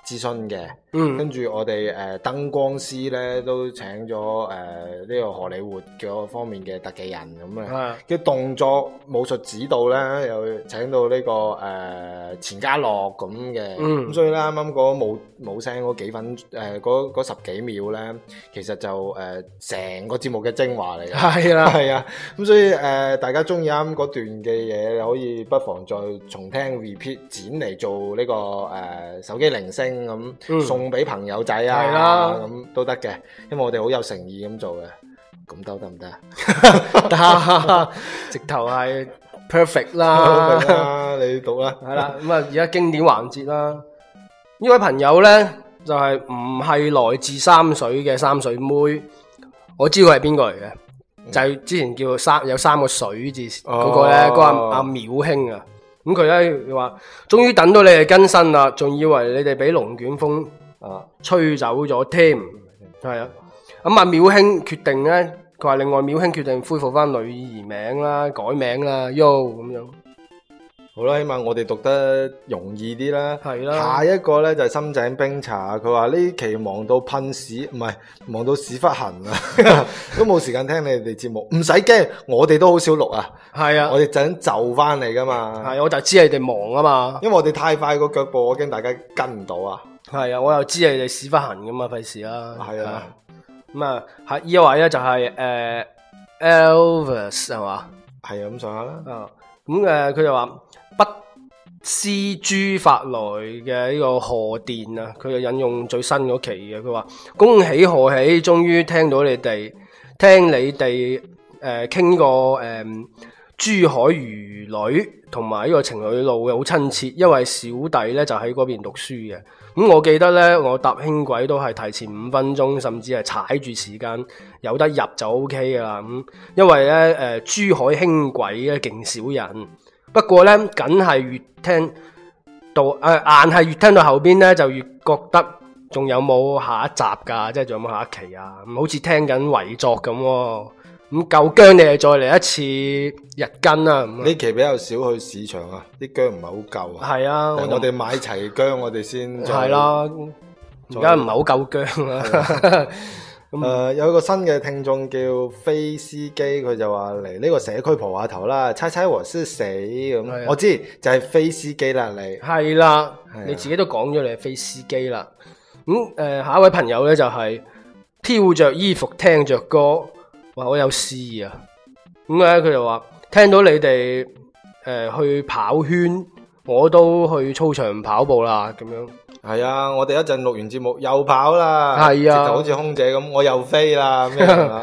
諮詢嘅。啊。嗯，跟住我哋誒燈光師咧都請咗誒呢個荷里活嘅方面嘅特技人咁啊，嘅是的 動作武術指導咧又請到呢、這個誒錢、呃、嘉樂咁嘅，咁、嗯、所以咧啱啱嗰冇冇聲嗰幾分誒嗰、呃、十幾秒咧，其實就誒成、呃、個節目嘅精華嚟嘅，係啦是的， [laughs] 係、嗯、啊，咁所以誒、呃、大家中意啱嗰段嘅嘢，可以不妨再重聽 repeat 剪嚟做呢、這個誒、呃、手機鈴聲咁送。俾朋友仔啊，係啦，咁都得嘅，因為我哋好有誠意咁做嘅。咁得唔得？直頭係 perfect 啦。你讀啦，係啦。咁啊，而家經典環節啦。呢位朋友咧就係唔係來自三水嘅三水妹，我知佢係邊個嚟嘅，就係之前叫三有三個水字嗰個咧，嗰阿阿淼兄啊。咁佢咧話：終於等到你哋更新啦，仲以為你哋俾龍捲風。吹走咗添，係啊，咁啊，淼兄決定咧，佢話另外淼兄決定恢復翻女兒名啦，改名啦，喲咁樣。好啦，起碼我哋讀得容易啲啦。係啦，下一個咧就係深井冰茶，佢話呢期忙到噴屎，唔係忙到屎忽痕啊，都冇時間聽你哋節目。唔使驚，我哋都好少錄是啊。係啊，我哋就咁就翻嚟噶嘛。係，我就知你哋忙啊嘛，因為我哋太快個腳步，我驚大家跟唔到啊。係啊，我又知道你哋屎忽痕噶嘛，費事啦。係啊，咁啊，吓呢一位咧就係誒，Elvis 係嘛？係啊，咁上下啦。啊，咁誒、就是，佢、呃嗯嗯啊、就話不思諸法來嘅呢個賀電啊，佢就引用最新嗰期嘅，佢話恭喜賀喜，終於聽到你哋聽你哋誒傾過誒珠海漁女同埋呢個情侶路嘅好親切，因為小弟咧就喺嗰邊讀書嘅。咁、嗯、我記得呢我搭輕軌都係提前五分鐘，甚至係踩住時間有得入就 OK 㗎喇。咁、嗯、因為呢誒、呃、珠海輕軌呢勁少人。不過呢，梗係越聽到誒、呃，硬係越聽到後邊呢，就越覺得仲有冇下一集㗎，即係仲有冇下一期啊？好似聽緊遺作咁喎、哦。咁夠薑，你再嚟一次日根啦、啊！呢期比較少去市場啊，啲薑唔係好夠啊。係啊，我哋買齊薑，我哋先。係啦再，而家唔係好夠薑啦。咁誒，有一個新嘅聽眾叫飛司機，佢就話嚟呢個社區蒲下頭啦，猜猜我識死咁，啊、我知就係、是、飛司機啦，你係啦，啊啊、你自己都講咗你係飛司機啦。咁、嗯、誒、呃，下一位朋友咧就係、是、挑着衣服聽着歌。哇，我有事啊，咁咧佢就話聽到你哋誒、呃、去跑圈，我都去操場跑步啦，咁樣係啊，我哋一陣錄完節目又跑啦，係是啊，就好似空姐咁，我又飛啦 [laughs]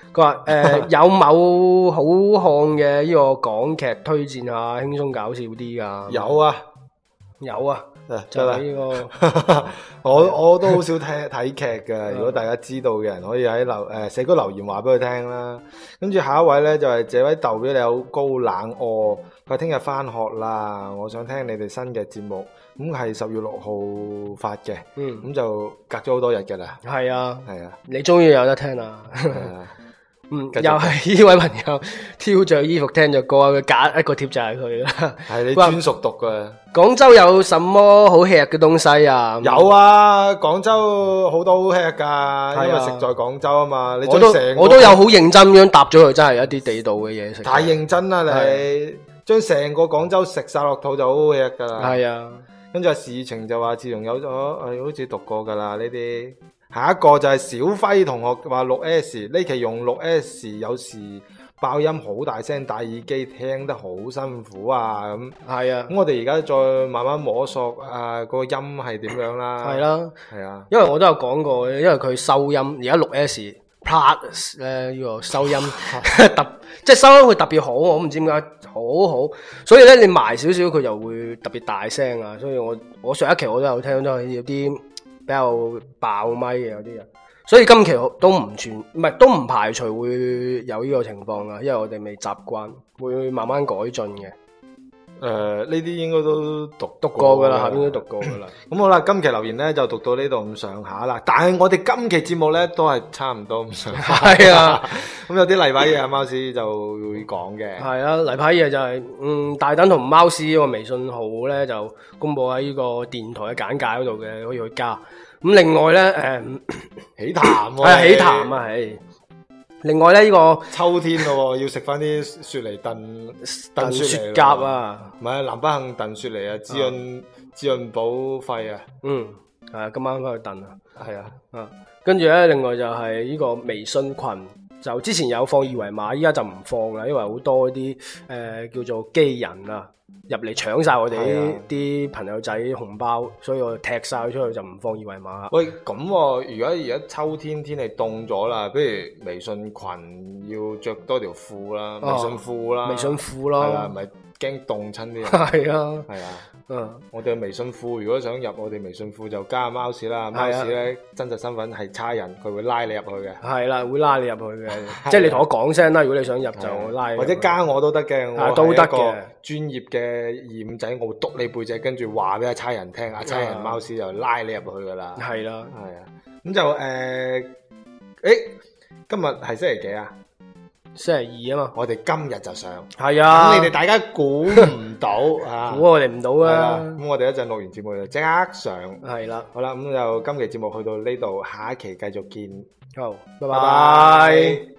佢話誒，有冇好看嘅呢個港劇推薦下，輕鬆搞笑啲噶？有啊，有啊，就係呢個。我我都好少睇睇劇嘅。如果大家知道嘅人，可以喺留，誒，寫個留言話俾佢聽啦。跟住下一位呢，就係這位豆表友好高冷哦，佢聽日翻學啦，我想聽你哋新嘅節目。咁係十月六號發嘅，嗯，咁就隔咗好多日嘅啦。係啊，係啊，你終於有得聽啦。嗯，又係呢位朋友挑，著衣服聽著歌，佢揀一個貼就係佢啦。係你專屬讀嘅。廣州有什麼好吃嘅東西啊？有啊，廣州好多好吃噶，因為食在廣州啊嘛。你我都我都有好認真咁樣答咗佢，真係一啲地道嘅嘢食。太認真啦你係，將成個廣州食晒落肚就好吃噶啦。係啊，跟住事情就話自從有咗，誒，好似讀過噶啦呢啲。下一個就係小輝同學話六 S 呢期用六 S 有時爆音好大聲，戴耳機聽得好辛苦啊咁。係啊，咁我哋而家再慢慢摸索、呃那個、啊，個音係點樣啦？係啦，係啊。因為我都有講過，因為佢收音而家六 S plus 咧呢個收音特 [laughs] [laughs] 即係收音會特別好，我唔知點解好好。所以咧，你埋少少佢就會特別大聲啊。所以我我上一期我都有聽到有啲比較爆咪嘅有啲人，所以今期都唔全、唔係都唔排除會有呢個情況噶，因為我哋未習慣，會慢慢改進嘅。誒呢啲應該都讀讀過㗎啦，嚇都讀過㗎啦。咁好啦，今期留言咧就讀到呢度咁上下啦。但係我哋今期節目咧都係差唔多咁上下。係啊，咁有啲例牌嘢貓史就會講嘅。係啊，例牌嘢就係嗯，大躉同貓史個微信號咧就公佈喺呢個電台嘅簡介嗰度嘅，可以去加。咁另外咧誒，喜談喎，係喜談啊，係。另外呢，呢、這個秋天喎， [laughs] 要食返啲雪梨燉雪蛤啊，唔係南北杏燉雪梨燉雪啊，滋潤滋潤補肺啊。嗯，係啊，今晚翻去燉係係的啊。係啊，嗯，跟住呢，另外就係呢個微信群。就之前有放二維碼，依家就唔放啦，因為好多啲誒、呃、叫做機人啊入嚟搶晒我哋啲朋友仔紅包，的所以我踢晒佢出去就唔放二維碼。喂，咁、啊、如果而家秋天天氣凍咗啦，不如微信群要着多條褲啦，哦、微信褲啦，微信褲啦，係啦，咪。驚凍親啲係啊係啊，嗯，我哋微信庫，如果想入我哋微信庫就加貓屎啦，貓屎咧真實身份係差人，佢會拉你入去嘅，係啦，會拉你入去嘅，即係你同我講聲啦，如果你想入就拉，或者加我都得嘅，我都得嘅，專業嘅二五仔，我會督你背脊，跟住話俾阿差人聽，阿差人貓屎就拉你入去噶啦，係啦，係啊，咁就誒，誒，今日係星期幾啊？星期二啊嘛，我哋今日就上，係啊，咁你哋大家估唔到 [laughs] 啊，估我哋唔到啊。咁我哋一陣錄完節目就即刻上，上，係啦，啊，好啦，咁就今期節目去到呢度，下一期繼續見，好，拜拜。拜拜。